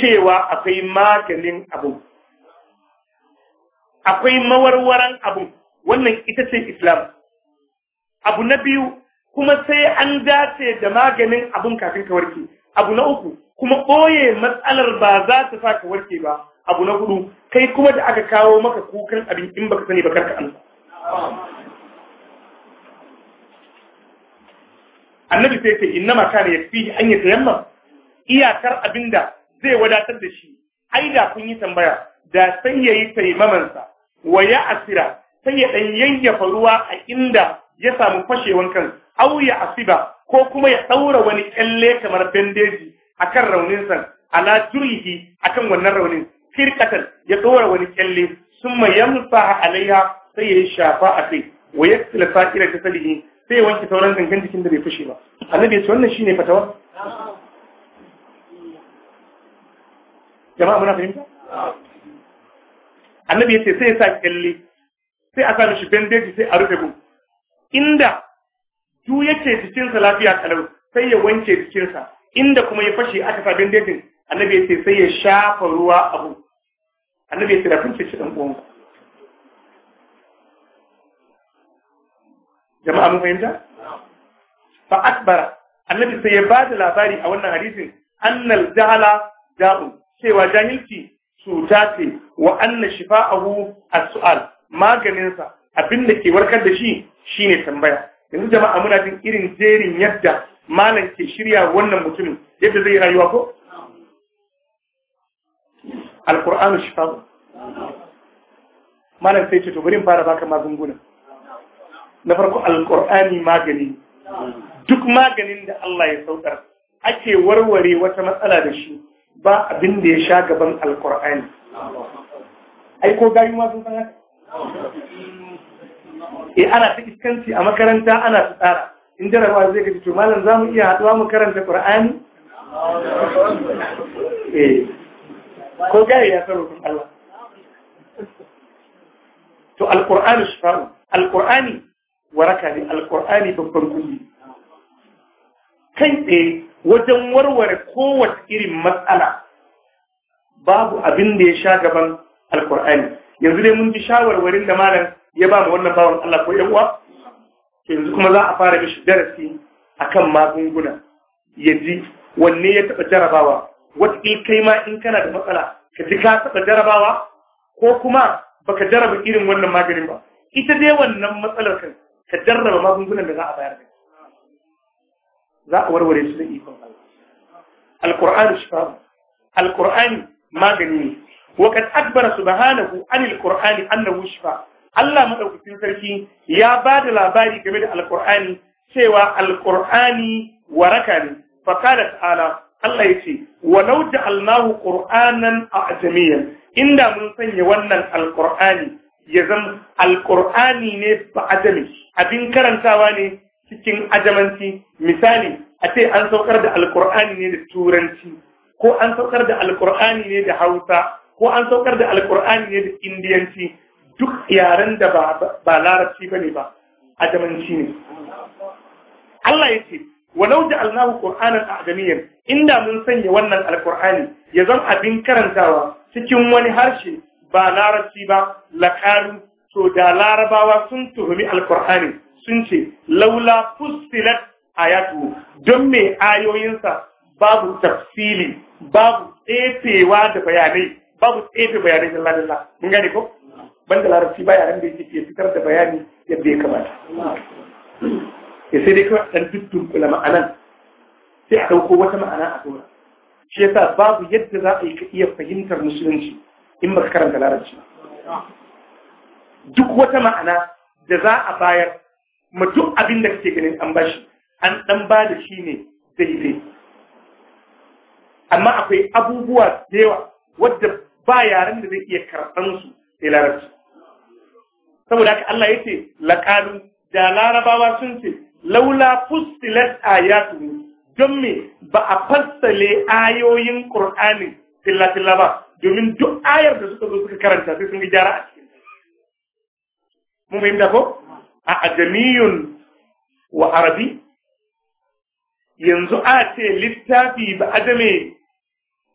Speaker 1: cewa akwai maganin abu akwai mawarwaran abu wannan ita ce islam abu na biyu kuma sai an dace da maganin abun kafin ka warke abu na uku kuma ɓoye matsalar ba za ta sa ka warke ba abu na hudu kai kuma da aka kawo maka kukan abin in baka sani ba karka amsa annabi sai ce inna ma kana yakfihi an yatayammam iyakar abinda zai wadatar da shi ai da kun yi tambaya da sai yayi taimamansa wa ya asira sai ya dan yayyafa ruwa a inda ya samu fashewan kan au ya asiba ko kuma ya daura wani ƙyalle kamar bandeji akan raunin sa ala jurihi akan wannan raunin firkatan ya daura wani kyalle summa yamsa alaiha sai ya shafa a kai wa yaktila sa'ira jasadihi sai ya wanke sauran gangan jikin da bai fushe ba annabi ya ce wannan shine fatawa jama'a muna fahimta annabi ya ce sai ya sa kyalle sai a sa mishi bandeji sai a rufe gun inda du yake jikinsa lafiya kalau sai ya wanke jikinsa inda kuma ya fashe aka sa bandejin annabi ya ce sai ya shafa ruwa abu annabi ya ce da kunce shi dan uwanku jama'a mun fahimta fa akbara annabi sai ya bada labari a wannan hadisin annal jahala da'u cewa jahilci cuta ce wa anna shifa'ahu as-su'al maganinsa abin da ke warkar da shi shine tambaya yanzu jama'a muna jin irin jerin yadda malam ke shirya wannan mutumin yadda zai rayuwa ko alqur'anu shifa'u malam sai ce to bari in fara baka magunguna na farko alkur'ani magani duk maganin da Allah ya saukar ake warware wata matsala da shi ba abin da ya sha gaban alkur'ani ai ko gayu ma sun san haka
Speaker 2: eh ana ta iskanci a makaranta
Speaker 1: ana ta tsara in jarabawa zai gaji to malam za mu iya haɗuwa mu karanta qur'ani
Speaker 2: eh. ko gayu
Speaker 1: ya san rukun Allah to alkur'ani shifa'u alkur'ani waraka ne alkur'ani babban kulli kai tsaye wajen warware kowace irin matsala babu abin da ya sha gaban alkur'ani yanzu dai mun ji shawarwarin da malam ya ba mu wannan bawan Allah ko uwa yanzu kuma za a fara mishi darasi akan magunguna ya ji wanne ya taɓa jarabawa wataƙil kai ma in kana da matsala ka ji ka taɓa jarabawa ko kuma baka jaraba irin wannan maganin ba ita dai wannan matsalar kan Ka jarraba magungunan da za a bayar da za a warware su da ikon Allah alqur'anu shifa alqur'ani magani ne wa kad akbara subhanahu anil qur'ani annahu shifa Allah madaukakin sarki ya ba da labari game da alqur'ani cewa alqur'ani waraka ne fa qala ta'ala Allah ya ce walau ja'alnahu qur'anan a'jamiyyan inda mun sanya wannan alqur'ani ya zama alqur'ani ne ba ajami abin karantawa ne cikin ajamanci misali a ce an saukar da alkur'ani ne da turanci ko an saukar da alkur'ani ne da hausa ko an saukar da alkur'ani ne da indiyanci duk yaren da ba larabci ba ne ba ajamanci ne Allah ya ce walau da allahu qur'anan ajamiyan inda mun sanya wannan alkur'ani ya zama abin karantawa cikin wani harshe ba larabci ba lakalu to da larabawa sun tuhumi alkur'ani sun ce laula fustilat ayatu don me ayoyinsa babu tafsili babu tsefewa da bayanai babu tsefe bayanai da dalla mun gane ko banda larabci baya nan da yake fitar da bayani yadda ya kamata ya sai dai kawai dan duddun kula ma'anan sai a ɗauko wata ma'ana a dora shi yasa babu yadda za a iya fahimtar musulunci in ba ka karanta larabci ba duk wata ma'ana da za a bayar ma duk abin da kake ganin an bashi an dan ba da shi ne daidai amma akwai abubuwa da yawa wadda ba yaren da zai iya karɓan su sai larabci saboda haka Allah ya ce da larabawa sun ce laula fustilat ayatu don me ba a fassale ayoyin qur'ani filla filla ba domin duk ayar da suka zo suka karanta sai sun yi gyara mun fahimta ko a ajamiyun wa arabi yanzu a ce littafi ba ajame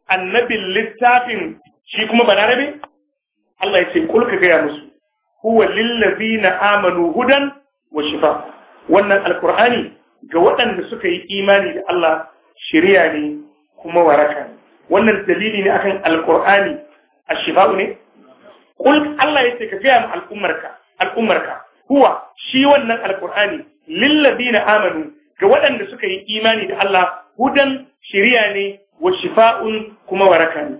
Speaker 1: annabin littafin shi kuma balarabe Allah ya ce kul gaya musu huwa na amanu hudan wa shifa wannan alqur'ani ga waɗanda suka yi imani da Allah shirya ne kuma waraka wannan dalili ne akan alqur'ani ashifa'u ne Allah ya ce ka gaya ma al'ummarka al'ummarka kuwa shi wannan alqur'ani lillazina amanu ga waɗanda suka yi imani da Allah hudan shirya ne wa shifa'un kuma waraka ne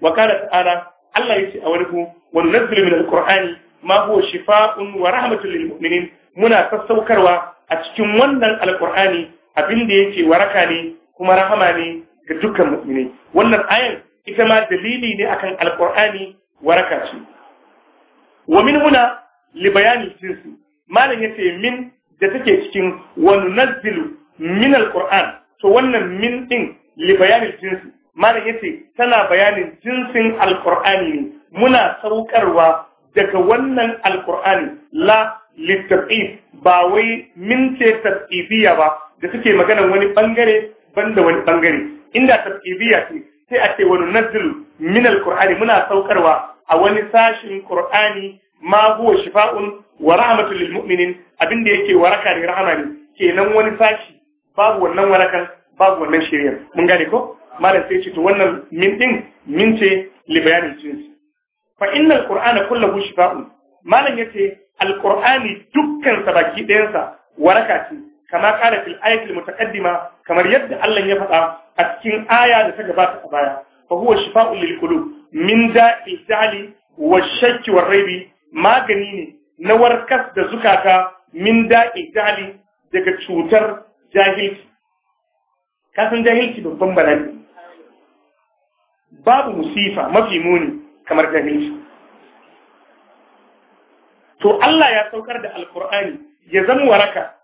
Speaker 1: wa qala ta'ala Allah ce a wani ku wa nunzilu min Alƙur'ani, ma huwa shifa'un wa rahmatun lil mu'minin muna sassaukarwa a cikin wannan Alƙur'ani abin da yake waraka ne kuma rahama ne ga dukkan mu'mini wannan ayan ita ma dalili ne akan Alƙur'ani waraka ce wa min huna li bayanin jinsi malam yace min da take cikin wani nazilu min alquran to wannan min din li bayanin jinsi malam yace tana bayanin jinsin alqur'ani ne muna saukarwa daga wannan alkur'ani la littafi ba wai min ce tafsibiya ba da suke maganan wani bangare da wani bangare inda tafsibiya ce sai a ce wani nazil min alqur'ani muna saukarwa a wani sashin Kur'ani. ma huwa shifa'un wa rahmatul lil mu'minin abinda yake waraka ne rahama ne kenan wani sashi babu wannan warakan babu wannan shirya mun gane ko malam sai ce to wannan min din min ce li bayanin jinsi fa innal qur'ana kullahu shifa'un malam yace alqur'ani dukkan sa baki ɗayansa waraka ce kama kala fil ayatil mutaqaddima kamar yadda Allah ya faɗa a cikin aya da ta gabata a baya fa huwa shifa'un lil qulub min da'il jahli shakki war raibi magani ne na warkas da zukata min da'i jahili daga cutar jahilci kasan jahilci babban bala'i babu musifa mafi muni kamar jahilci to Allah ya saukar da alkur'ani ya zama waraka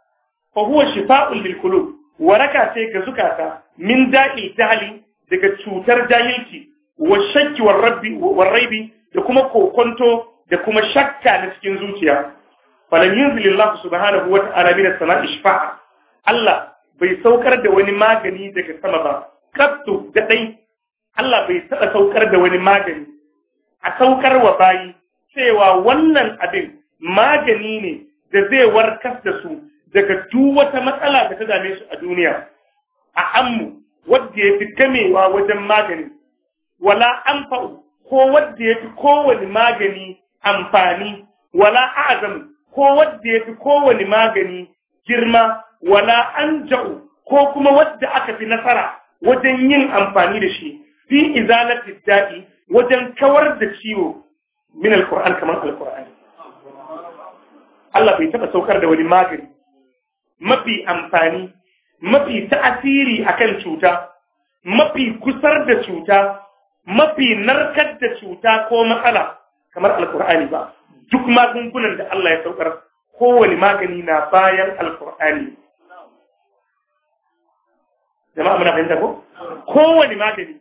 Speaker 1: fa huwa shifa'un lil qulub waraka sai ga zukata min da'i jahili daga cutar jahilci wa shakki wa rabbi raibi da kuma kokonto da kuma shakka na cikin zuciya falan yanzil subhanahu wa ta'ala min as-sama'i shafa'a Allah bai saukar da wani magani daga sama ba kaftu da dai Allah bai taɓa saukar da wani magani a saukar wa bayi cewa wannan abin magani ne da zai warkar da su daga duk wata matsala da ta dame su a duniya a ammu wadda ya fi gamewa wajen magani wala amfa'u ko wadda ya fi kowane magani amfani wala azam ko wadda ya fi kowane magani girma wala an ja'u ko kuma wadda aka fi nasara wajen yin amfani da shi fi izalati da'i wajen kawar da ciwo min alquran kamar alquran Allah bai taba saukar da wani magani mafi amfani mafi ta'asiri akan cuta mafi kusar da cuta mafi narkar da cuta ko matsala kamar alkur'ani ba duk magungunan da Allah ya saukar kowane magani na bayan alkur'ani jama'a muna fahimta ko kowane magani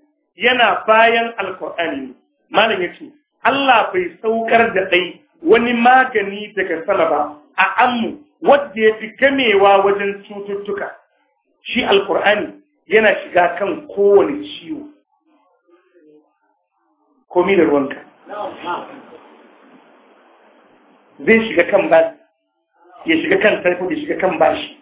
Speaker 1: yana bayan alkur'ani malam yace Allah bai saukar da dai wani magani daga ba a ammu wanda ya fi gamewa wajen cututtuka shi alkur'ani yana shiga kan kowani ciwo komi da ruwanka zai shiga kan bashi ya shiga kan tarko ya shiga kan bashi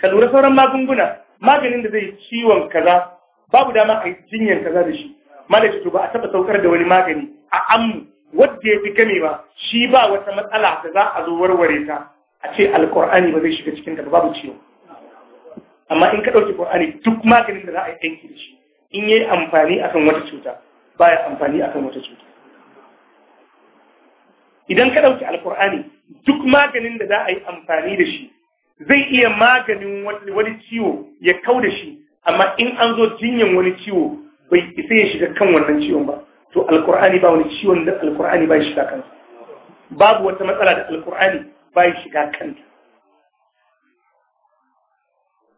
Speaker 1: ka lura sauran magunguna maganin da zai ciwon kaza babu dama a jinyar kaza da shi malaki to ba a taba saukar da wani magani a amu wadda ya fi gamewa shi ba wata matsala da za a zo warware ta a ce alkur'ani ba zai shiga cikin ta babu ciwo amma in ka ɗauki qur'ani duk maganin da za a yi aiki da shi in yi amfani akan wata cuta baya amfani akan wata cuta idan ka ɗauki alkur'ani duk maganin da za a yi amfani da shi zai iya maganin wani ciwo ya kau da shi amma in an zo jinyan wani ciwo bai isa ya shiga kan wannan ciwon ba to alkur'ani ba wani ciwon da alkur'ani ba ya shiga kansa babu wata matsala da alkur'ani ba ya shiga kanta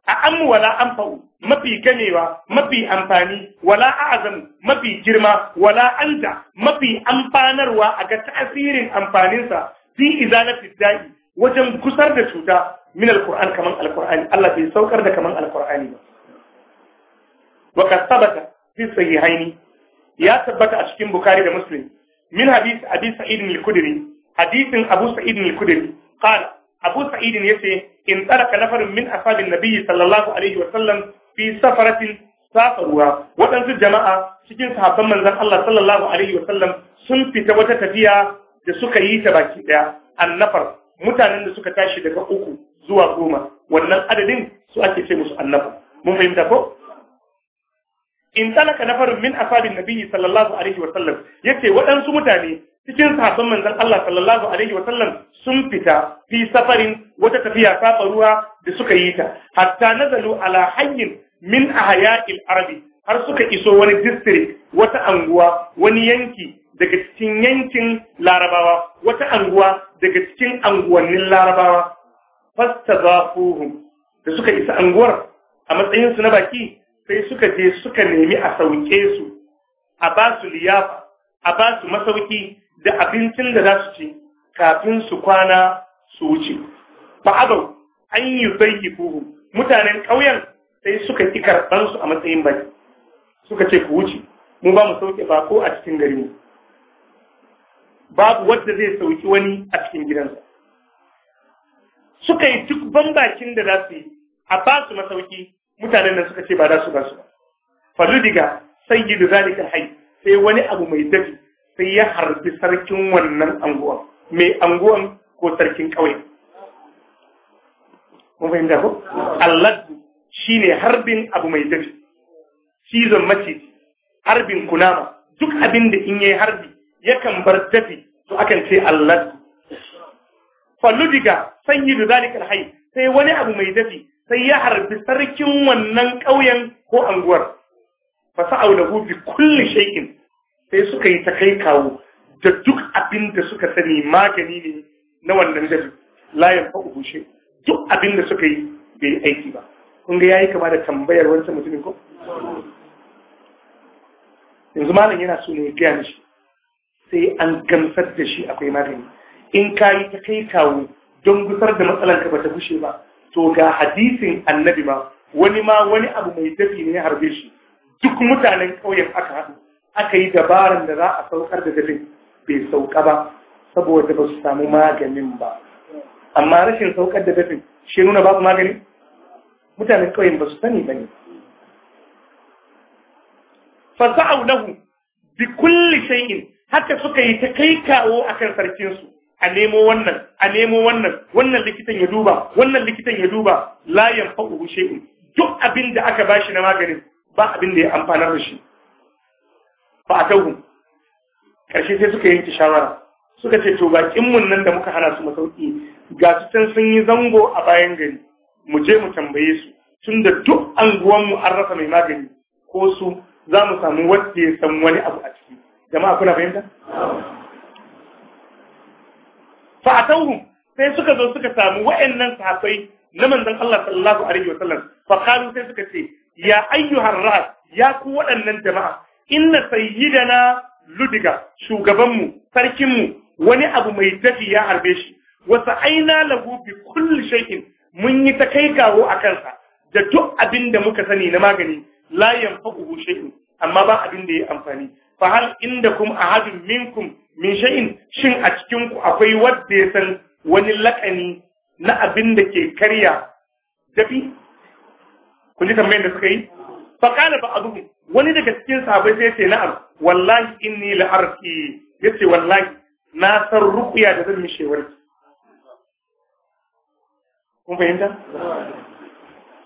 Speaker 1: a amu wala anfa'u mafi ganewa mafi amfani wala a'azam mafi girma wala anda mafi amfanarwa a ga tasirin amfaninsa fi izalati da'i wajen kusar da cuta min alquran kaman alqur'ani Allah bai saukar da kaman alqur'ani ba wa qad thabata fi sahihaini ya tabbata a cikin bukhari da muslim min hadith abi sa'id al-khudri hadithin abu sa'id al-khudri qala abu sa'id ya ce, in taraka nafarun min ashabin nabiyyi sallallahu alaihi wa sallam fi safaratin safaruwa waɗansu jama'a cikin sahabban manzon Allah sallallahu alaihi wa sallam sun fita wata tafiya da suka yi ta baki daya annafar mutanen da suka tashi daga uku zuwa goma wannan adadin su ake ce musu annafa mun fahimta ko in talaka nafarun min ashabin nabiyyi sallallahu alaihi wa sallam yace waɗansu mutane cikin sahabban manzon Allah sallallahu alaihi wasallam sun fita fi safarin wata tafiya ta ruwa da suka yi ta hatta nazalu ala hayyin min ahya'il arabi har suka iso wani district wata anguwa wani yanki daga cikin yankin larabawa wata anguwa daga cikin anguwannin larabawa fastazafuhum da suka isa anguwar a matsayin su na baki sai suka je suka nemi a sauke su a ba su liyafa a ba su masauki da abincin da za su ci kafin su kwana su wuce fa'abau an yi zai mutanen ƙauyen sai suka ki karɓansu a matsayin baki suka ce ku wuce mu ba mu sauke ba ko a cikin gari mu babu wadda zai sauki wani a cikin gidansa suka yi duk bambakin da za su yi a ba su masauki mutanen da suka ce ba za su ba su ba faludiga da zalika hai sai wani abu mai dafi sai ya harbi sarkin wannan anguwan mai anguwan ko sarkin ƙauye kun fahimta ko shi shine harbin abu mai dafi cizon mace, harbin kunama duk abin da in yi harbi yakan bar dafi to akan ce alladdu falludiga da zalika alhayy sai wani abu mai dafi sai ya harbi sarkin wannan ƙauyen ko anguwar Fasa'au da hufi bi kulli shaikin sai suka yi ta kai kawo da duk abin da suka sani magani ne na wannan dabi layan fa ubushe duk abin da suka yi bai aiki ba kun ga yayi kama da tambayar wani mutumin ko yanzu malam yana so ne gaya shi, sai an gamsar da shi akwai magani in ka yi ta kai kawo don gusar da matsalanka ba ta bushe ba to ga hadisin annabi ma wani ma wani abu mai dafi ne ya harbe shi duk mutanen ƙauyen aka haɗu aka yi dabaran da za a saukar da dabin bai sauka ba saboda ba su samu maganin ba amma rashin saukar da dabin shi nuna su magani mutane kawai ba su sani ba ne fasa'au lahu bi kulli shay'in haka suka yi ta kai kawo akan sarkin su a nemo wannan a nemo wannan wannan likitan ya duba wannan likitan ya duba la yanfa'u duk abin da aka bashi na maganin ba abin da ya amfanar da shi fa atahu ƙarshe sai suka yanke shawara suka ce to bakin mun nan da muka hana su masauki ga su can sun yi zango a bayan gari mu je mu tambaye su tunda duk anguwan mu an rasa mai magani ko su za mu samu wacce ya san wani abu a ciki jama'a kuna fahimta fa sai suka zo suka samu wa'annan sahabbai na manzon Allah sallallahu alaihi wa sallam fa kalu sai suka ce ya ayyuhar ra'as ya ku waɗannan jama'a inna sayyidana ludiga shugabanmu sarkinmu wani abu mai dafi ya harbe shi Wasu aina lahu bi kulli shay'in mun yi ta kai kawo a kansa da duk abin da muka sani na magani la yanfa'uhu shay'in amma ba abin da ya amfani fa hal indakum ahadun minkum min shay'in shin a cikin ku akwai wanda ya san wani lakani na abin da ke karya dafi kun ji tambayar da suka yi fa qala ba'dhum wani daga cikin sahabbai sai ce na'am wallahi inni la'arki yace wallahi na san ruqya da zan mishe warki kun fahimta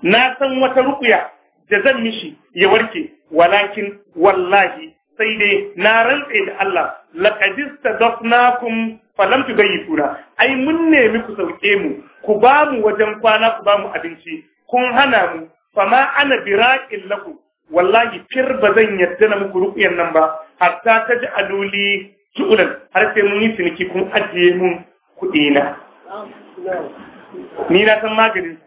Speaker 1: na san wata ruqya da zan mishi ya warke walakin wallahi sai dai na rantse da Allah laqad istadafnakum falam tubayyituna ai mun nemi ku sauke mu ku ba mu wajen kwana ku ba mu abinci kun hana mu fama ana bira'in lakum wallahi fir ba zan yarda na muku rukuyan nan ba hatta ta ji aluli su'ulan har sai mun yi ciniki kun ajiye mun kuɗi na ni na san maganin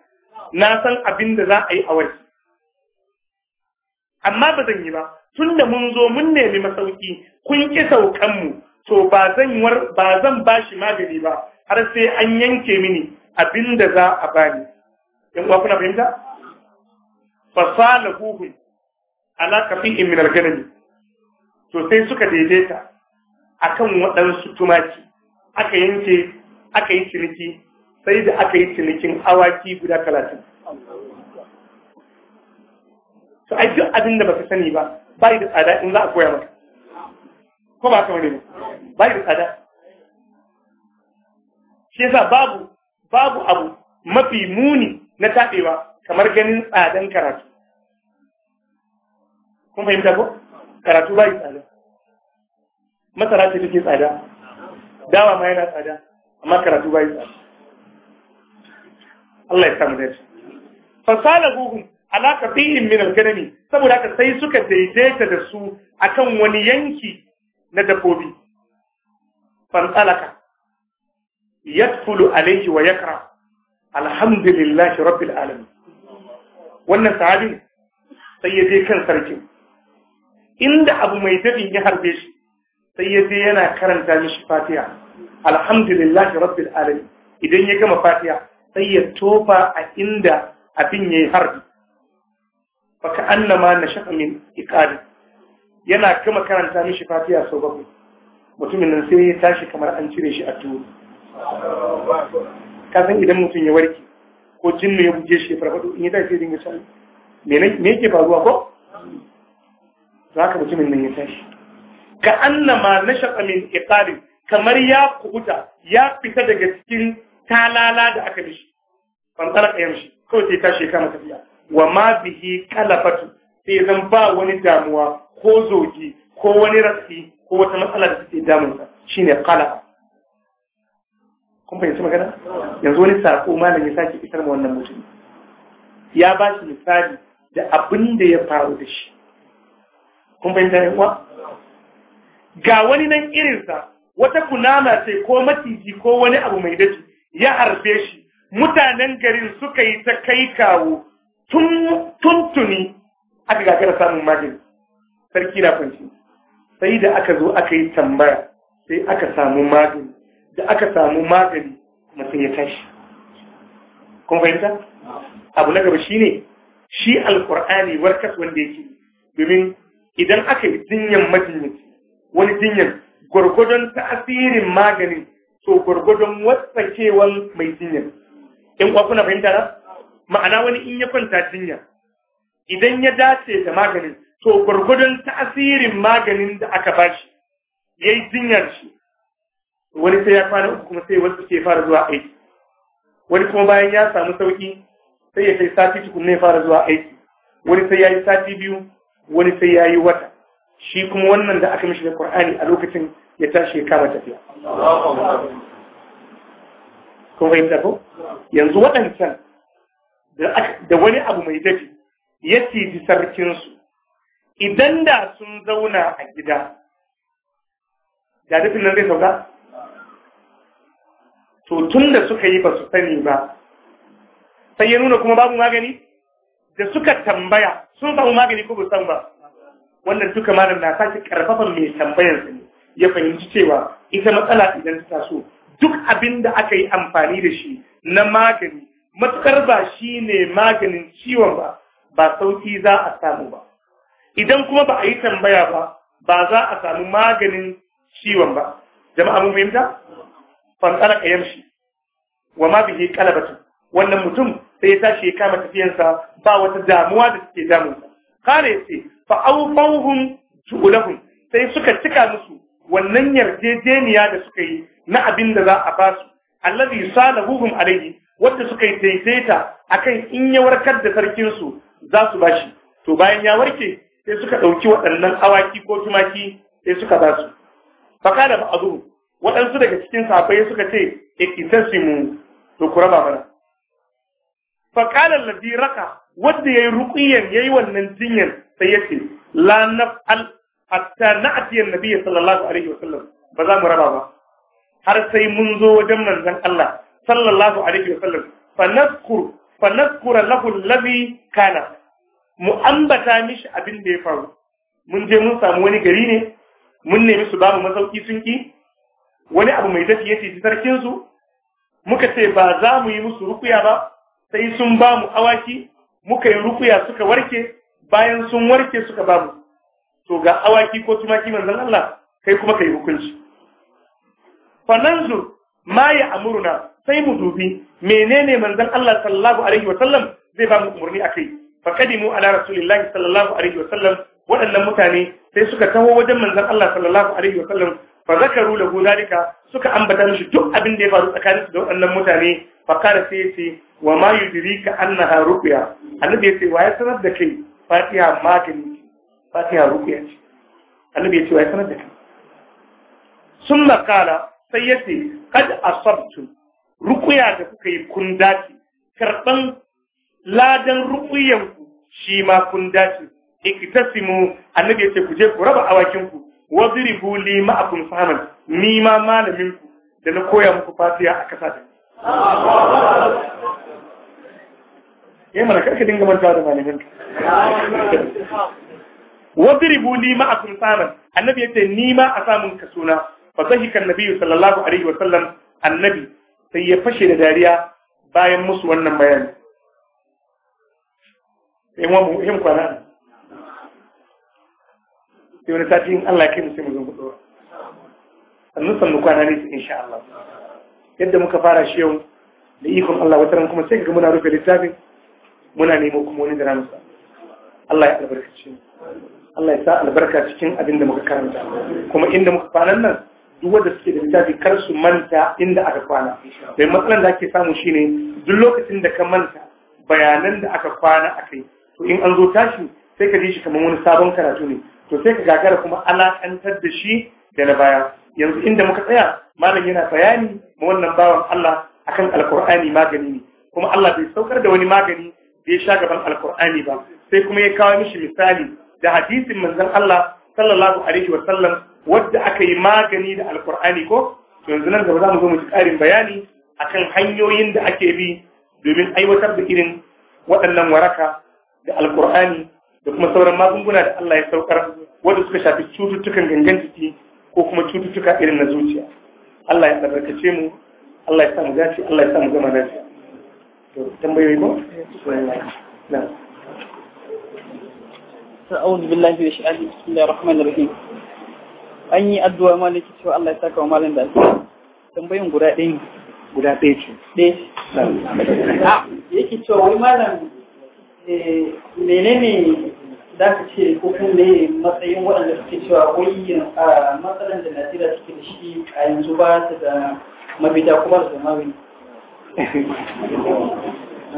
Speaker 1: na san abin da za a yi a wai amma ba zan yi ba tun da mun zo mun nemi masauki kun ƙi saukanmu to ba zan ba zan bashi magani ba har sai an yanke mini abin da za a bani Yan uwa kuna fahimta Fasalahuhun ala kafi'in min al to sai suka daidaita akan waɗansu tumaki aka yanke aka yi ciniki sai da aka yi cinikin awaki guda talatin to ai duk abin da baka sani ba bai da tsada in za a koya maka ko ba ka wani bai da tsada shi yasa babu babu abu mafi muni na taɓewa kamar ganin tsadan karatu kun fahimta ko karatu ba yi tsada masara ce take tsada dawa ma yana tsada amma karatu ba yi tsada Allah ya samu fasala fasalahuhum alaka kafihin min alganami, saboda haka sai suka daidaita da su akan wani yanki na dabbobi fansalaka yadkulu alayhi wa yakra alhamdulillahi rabbil alamin wannan sahabin sai ya je kan sarkin inda abu mai dafin ya harbe shi sai ya je yana karanta mishi fatiha alhamdulillahi rabbil alamin idan ya gama fatiha sai ya tofa a inda abin yayi harbi baka annama na shafa min iqabi yana gama karanta mishi fatiha sau bakwai mutumin nan sai ya tashi kamar an cire shi a tuwo ka san idan mutum ya warke ko jinnu ya buje shi ya farfado in ya tashi ya dinga shan me yake faruwa ko za ka mutumin nan ya tashi ka annama na shaƙa min kamar ya kubuta ya fita daga cikin talala da aka bishi. Ban ka yamshi kawai sai tashi kama tafiya wa ma bihi kalafatu sai zan ba wani damuwa ko zogi ko wani rafi ko wata matsala da take damunsa shine qalafa kun fahimci magana yanzu wani sako malam ya sake isar ma wannan mutum ya ba shi misali da abin da ya faru da shi kun fahimta yawa ga wani nan irinsa wata kunama ce ko maciji ko wani abu mai daji ya harbe shi mutanen garin suka yi ta kai kawo tuntuni aka gagara samun magani sarki na kunshi sai da aka zo aka yi tambaya sai aka samu magani da aka samu magani mutum ya tashi kun fahimta abu na gaba shine shi alkur'ani warkas wanda yake domin idan aka yi jinyan majinyaci wani jinyan gwargwadon tasirin maganin to gwargwadon wasakewan mai jinyan in kwa kuna fahimta na ma'ana wani in ya kwanta jinya idan ya dace da maganin to gwargwadon tasirin maganin da aka ba shi ya yi jinyar shi wani sai ya kwana uku kuma sai wasu ke fara zuwa aiki wani kuma bayan ya samu sauki sai ya kai sati tukunne ya fara zuwa aiki wani sai ya yi sati biyu wani sai ya yi wata shi kuma wannan da aka mishi da ƙwar'ani a lokacin ya tashi ya kama tafiya kun fahimta ko yanzu waɗancan da wani abu mai daji ya ciji sarkinsu idan da sun zauna a gida da dafin nan zai sauka to tun da suka yi ba su sani ba sai ya nuna kuma babu magani da suka tambaya sun samu magani ko ba san ba wannan duka malam na sake karfafan mai tambayar su ne ya fahimci cewa ita matsala idan ta taso duk abin da aka yi amfani da shi na magani matukar ba shi ne maganin ciwon ba ba sauki za a samu ba idan kuma ba a yi tambaya ba ba za a samu maganin ciwon ba jama'a mun fahimta fansara ka yamshi wa ma bihi kalabatu wannan mutum sai ta shi kama tafiyarsa ba wata damuwa da suke damun sa kare ce fa awfawhum tu'lahum sai suka cika musu wannan yarjejeniya da suka yi na abin da za a ba su allazi salahuhum alayhi wanda suka yi taitaita akan in ya warkar da sarkin su za su bashi to bayan ya warke sai suka dauki waɗannan awaki ko tumaki sai suka ba su fa kana azu waɗansu daga cikin safai suka ce ikitasimu to ku raba mana فقال الذي رقى ودي يرقيا يي wannan jinyar sai yace la naf'al hatta na'ti annabi sallallahu alaihi sallam ba za mu raba ba har sai mun zo wajen manzon Allah sallallahu alaihi wasallam fa nadhkur fa nadhkur lahu alladhi kana mu ambata mishi abin da ya faru mun je mun samu wani gari ne mun nemi su bamu masauki sun ki wani abu mai tafiye ce sarkin su muka ce ba za mu yi musu rukuya ba sai sun ba mu awaki muka yi rukuya suka warke bayan sun warke suka ba mu to ga awaki ko tumaki manzon Allah kai kuma kai hukunci fa nanzu ma ya amuruna sai mu dubi menene manzon Allah sallallahu alaihi wa sallam zai ba mu umarni akai fa kadimu ala rasulillahi sallallahu alaihi wa sallam waɗannan mutane sai suka taho wajen manzon Allah sallallahu alaihi wa sallam fa zakaru lahu zalika suka ambata mishi duk abin da ya faru tsakanin su da waɗannan mutane fa kana sai yace wa ma yudrika annaha ruqya annabi yace wa ya sanar da kai fatiha magani fatiha ruqya ce annabi yace wa ya sanar da kai summa kala sai yace kad asabtu ruqya da kuka yi kun dace karban ladan ruqiyanku ku shi ma kun dace iktasimu annabi yace ku je ku raba awakin ku wadribu li ma'akun saman ni ma malamin da na koya muku fatiha a kasa da
Speaker 2: ya eh, mana karka dinga
Speaker 1: manta da malaminka? Waziri wadribu ma'akun ma'akum annabi ya ni ma a samun ka suna fa sahikan nabiyyu sallallahu alaihi wa annabi sai ya fashe da dariya bayan musu wannan bayani sai mu sai wani sati in Allah kai mu sai mu zo mu sannu sannu kwana ne sha Allah yadda muka fara shi yau da ikon Allah wata ran kuma sai ga muna rufe littafin muna nemo kuma wani da ranar Allah ya albarkace Allah ya sa albarka cikin abin da muka karanta kuma inda muka fara nan duk wanda suke da littafi kar su manta inda aka kwana mai matsalan da ake samu shine duk lokacin da ka manta bayanan da aka kwana akai to in an zo tashi sai ka ji shi kamar wani sabon karatu ne to sai ka gagara kuma alakantar da shi da na baya yanzu inda muka tsaya malam yana bayani ma wannan bawan Allah akan alkur'ani magani ne kuma Allah bai saukar da wani magani da ya sha gaban alkur'ani ba sai kuma ya kawo mishi misali da hadisin manzon Allah sallallahu alaihi wa sallam wadda aka yi magani da alkur'ani ko to yanzu nan gaba za mu zo mu ji ƙarin bayani akan hanyoyin da ake bi domin aiwatar da irin waɗannan waraka da alkur'ani da kuma sauran magunguna da Allah ya saukar wanda suka shafi cututtukan gangan jiki ko kuma cututtuka irin na zuciya Allah ya tsarkace mu Allah ya samu gaci Allah ya samu gama lafiya to tambayoyi ko na أعوذ بالله من الشيطان بسم الله rahim an yi addu'a
Speaker 2: ma ne cewa Allah ya saka wa malam da alƙawari tambayin guda ɗaya guda ɗaya ce ɗaya ah, yake cewa wani malam eh, menene za ka ce ko kuma ne matsayin waɗanda suke cewa wayin a matsalan da najeriya suke da shi a yanzu ba ta da mabida kuma da mawi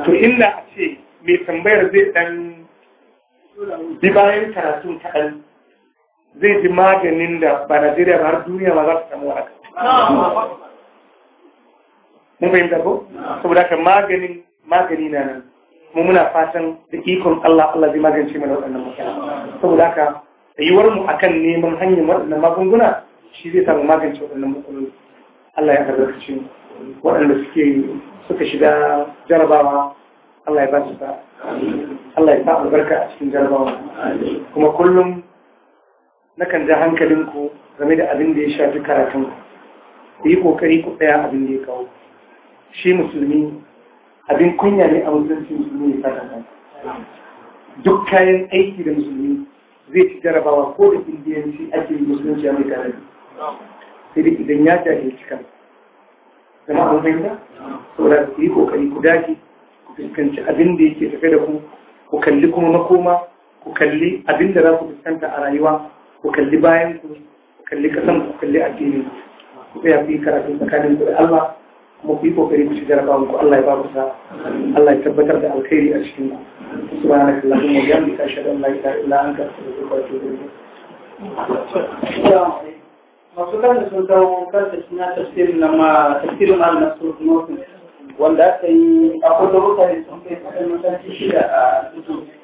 Speaker 2: to inda
Speaker 1: a ce mai tambayar zai dan bi bayan karatun kaɗan zai ji maganin da ba najeriya ba har duniya ma za su samu haka mun fahimta ko saboda haka maganin magani na nan mu muna fatan da ikon Allah Allah zai magance mana waɗannan matsala saboda haka yiwuwar mu akan neman hanyar waɗannan magunguna shi zai samu magance waɗannan matsaloli Allah ya albarkace waɗanda suke suka shiga jarabawa Allah ya ba su Allah ya sa albarka a cikin jarabawa kuma kullum na nakan ja hankalinku game da abin da ya shafi karatun ku yi kokari ku tsaya abin da ya kawo shi musulmi abin kunya ne a musulunci musulmi ya sata ta duk kayan aiki da musulmi zai ci jarabawa ko da indiyanci ake musulunci a mai tare sai dai idan ya jaje cika.
Speaker 2: zama an fahimta saboda
Speaker 1: ku yi kokari ku dace ku fuskanci abin da yake tafe da ku ku kalli kuma makoma ku kalli abin da za ku fuskanta a rayuwa ku kalli bayan ku ku kalli kasan ku kalli addinin ku ku tsaya ku tsakanin ku da Allah kuma ku yi kokari ku ci jarabawan ku Allah ya ba ku sa Allah ya tabbatar da alkhairi a cikin ku subhanaka allahumma wa bihamdika ashhadu an la ilaha illa anta astaghfiruka wa atubu
Speaker 2: masu kan sun dawo kan da suna tafsirin na ma tafsirin ma
Speaker 1: na su wanda aka yi akwai da mutane sun kai shida a tutu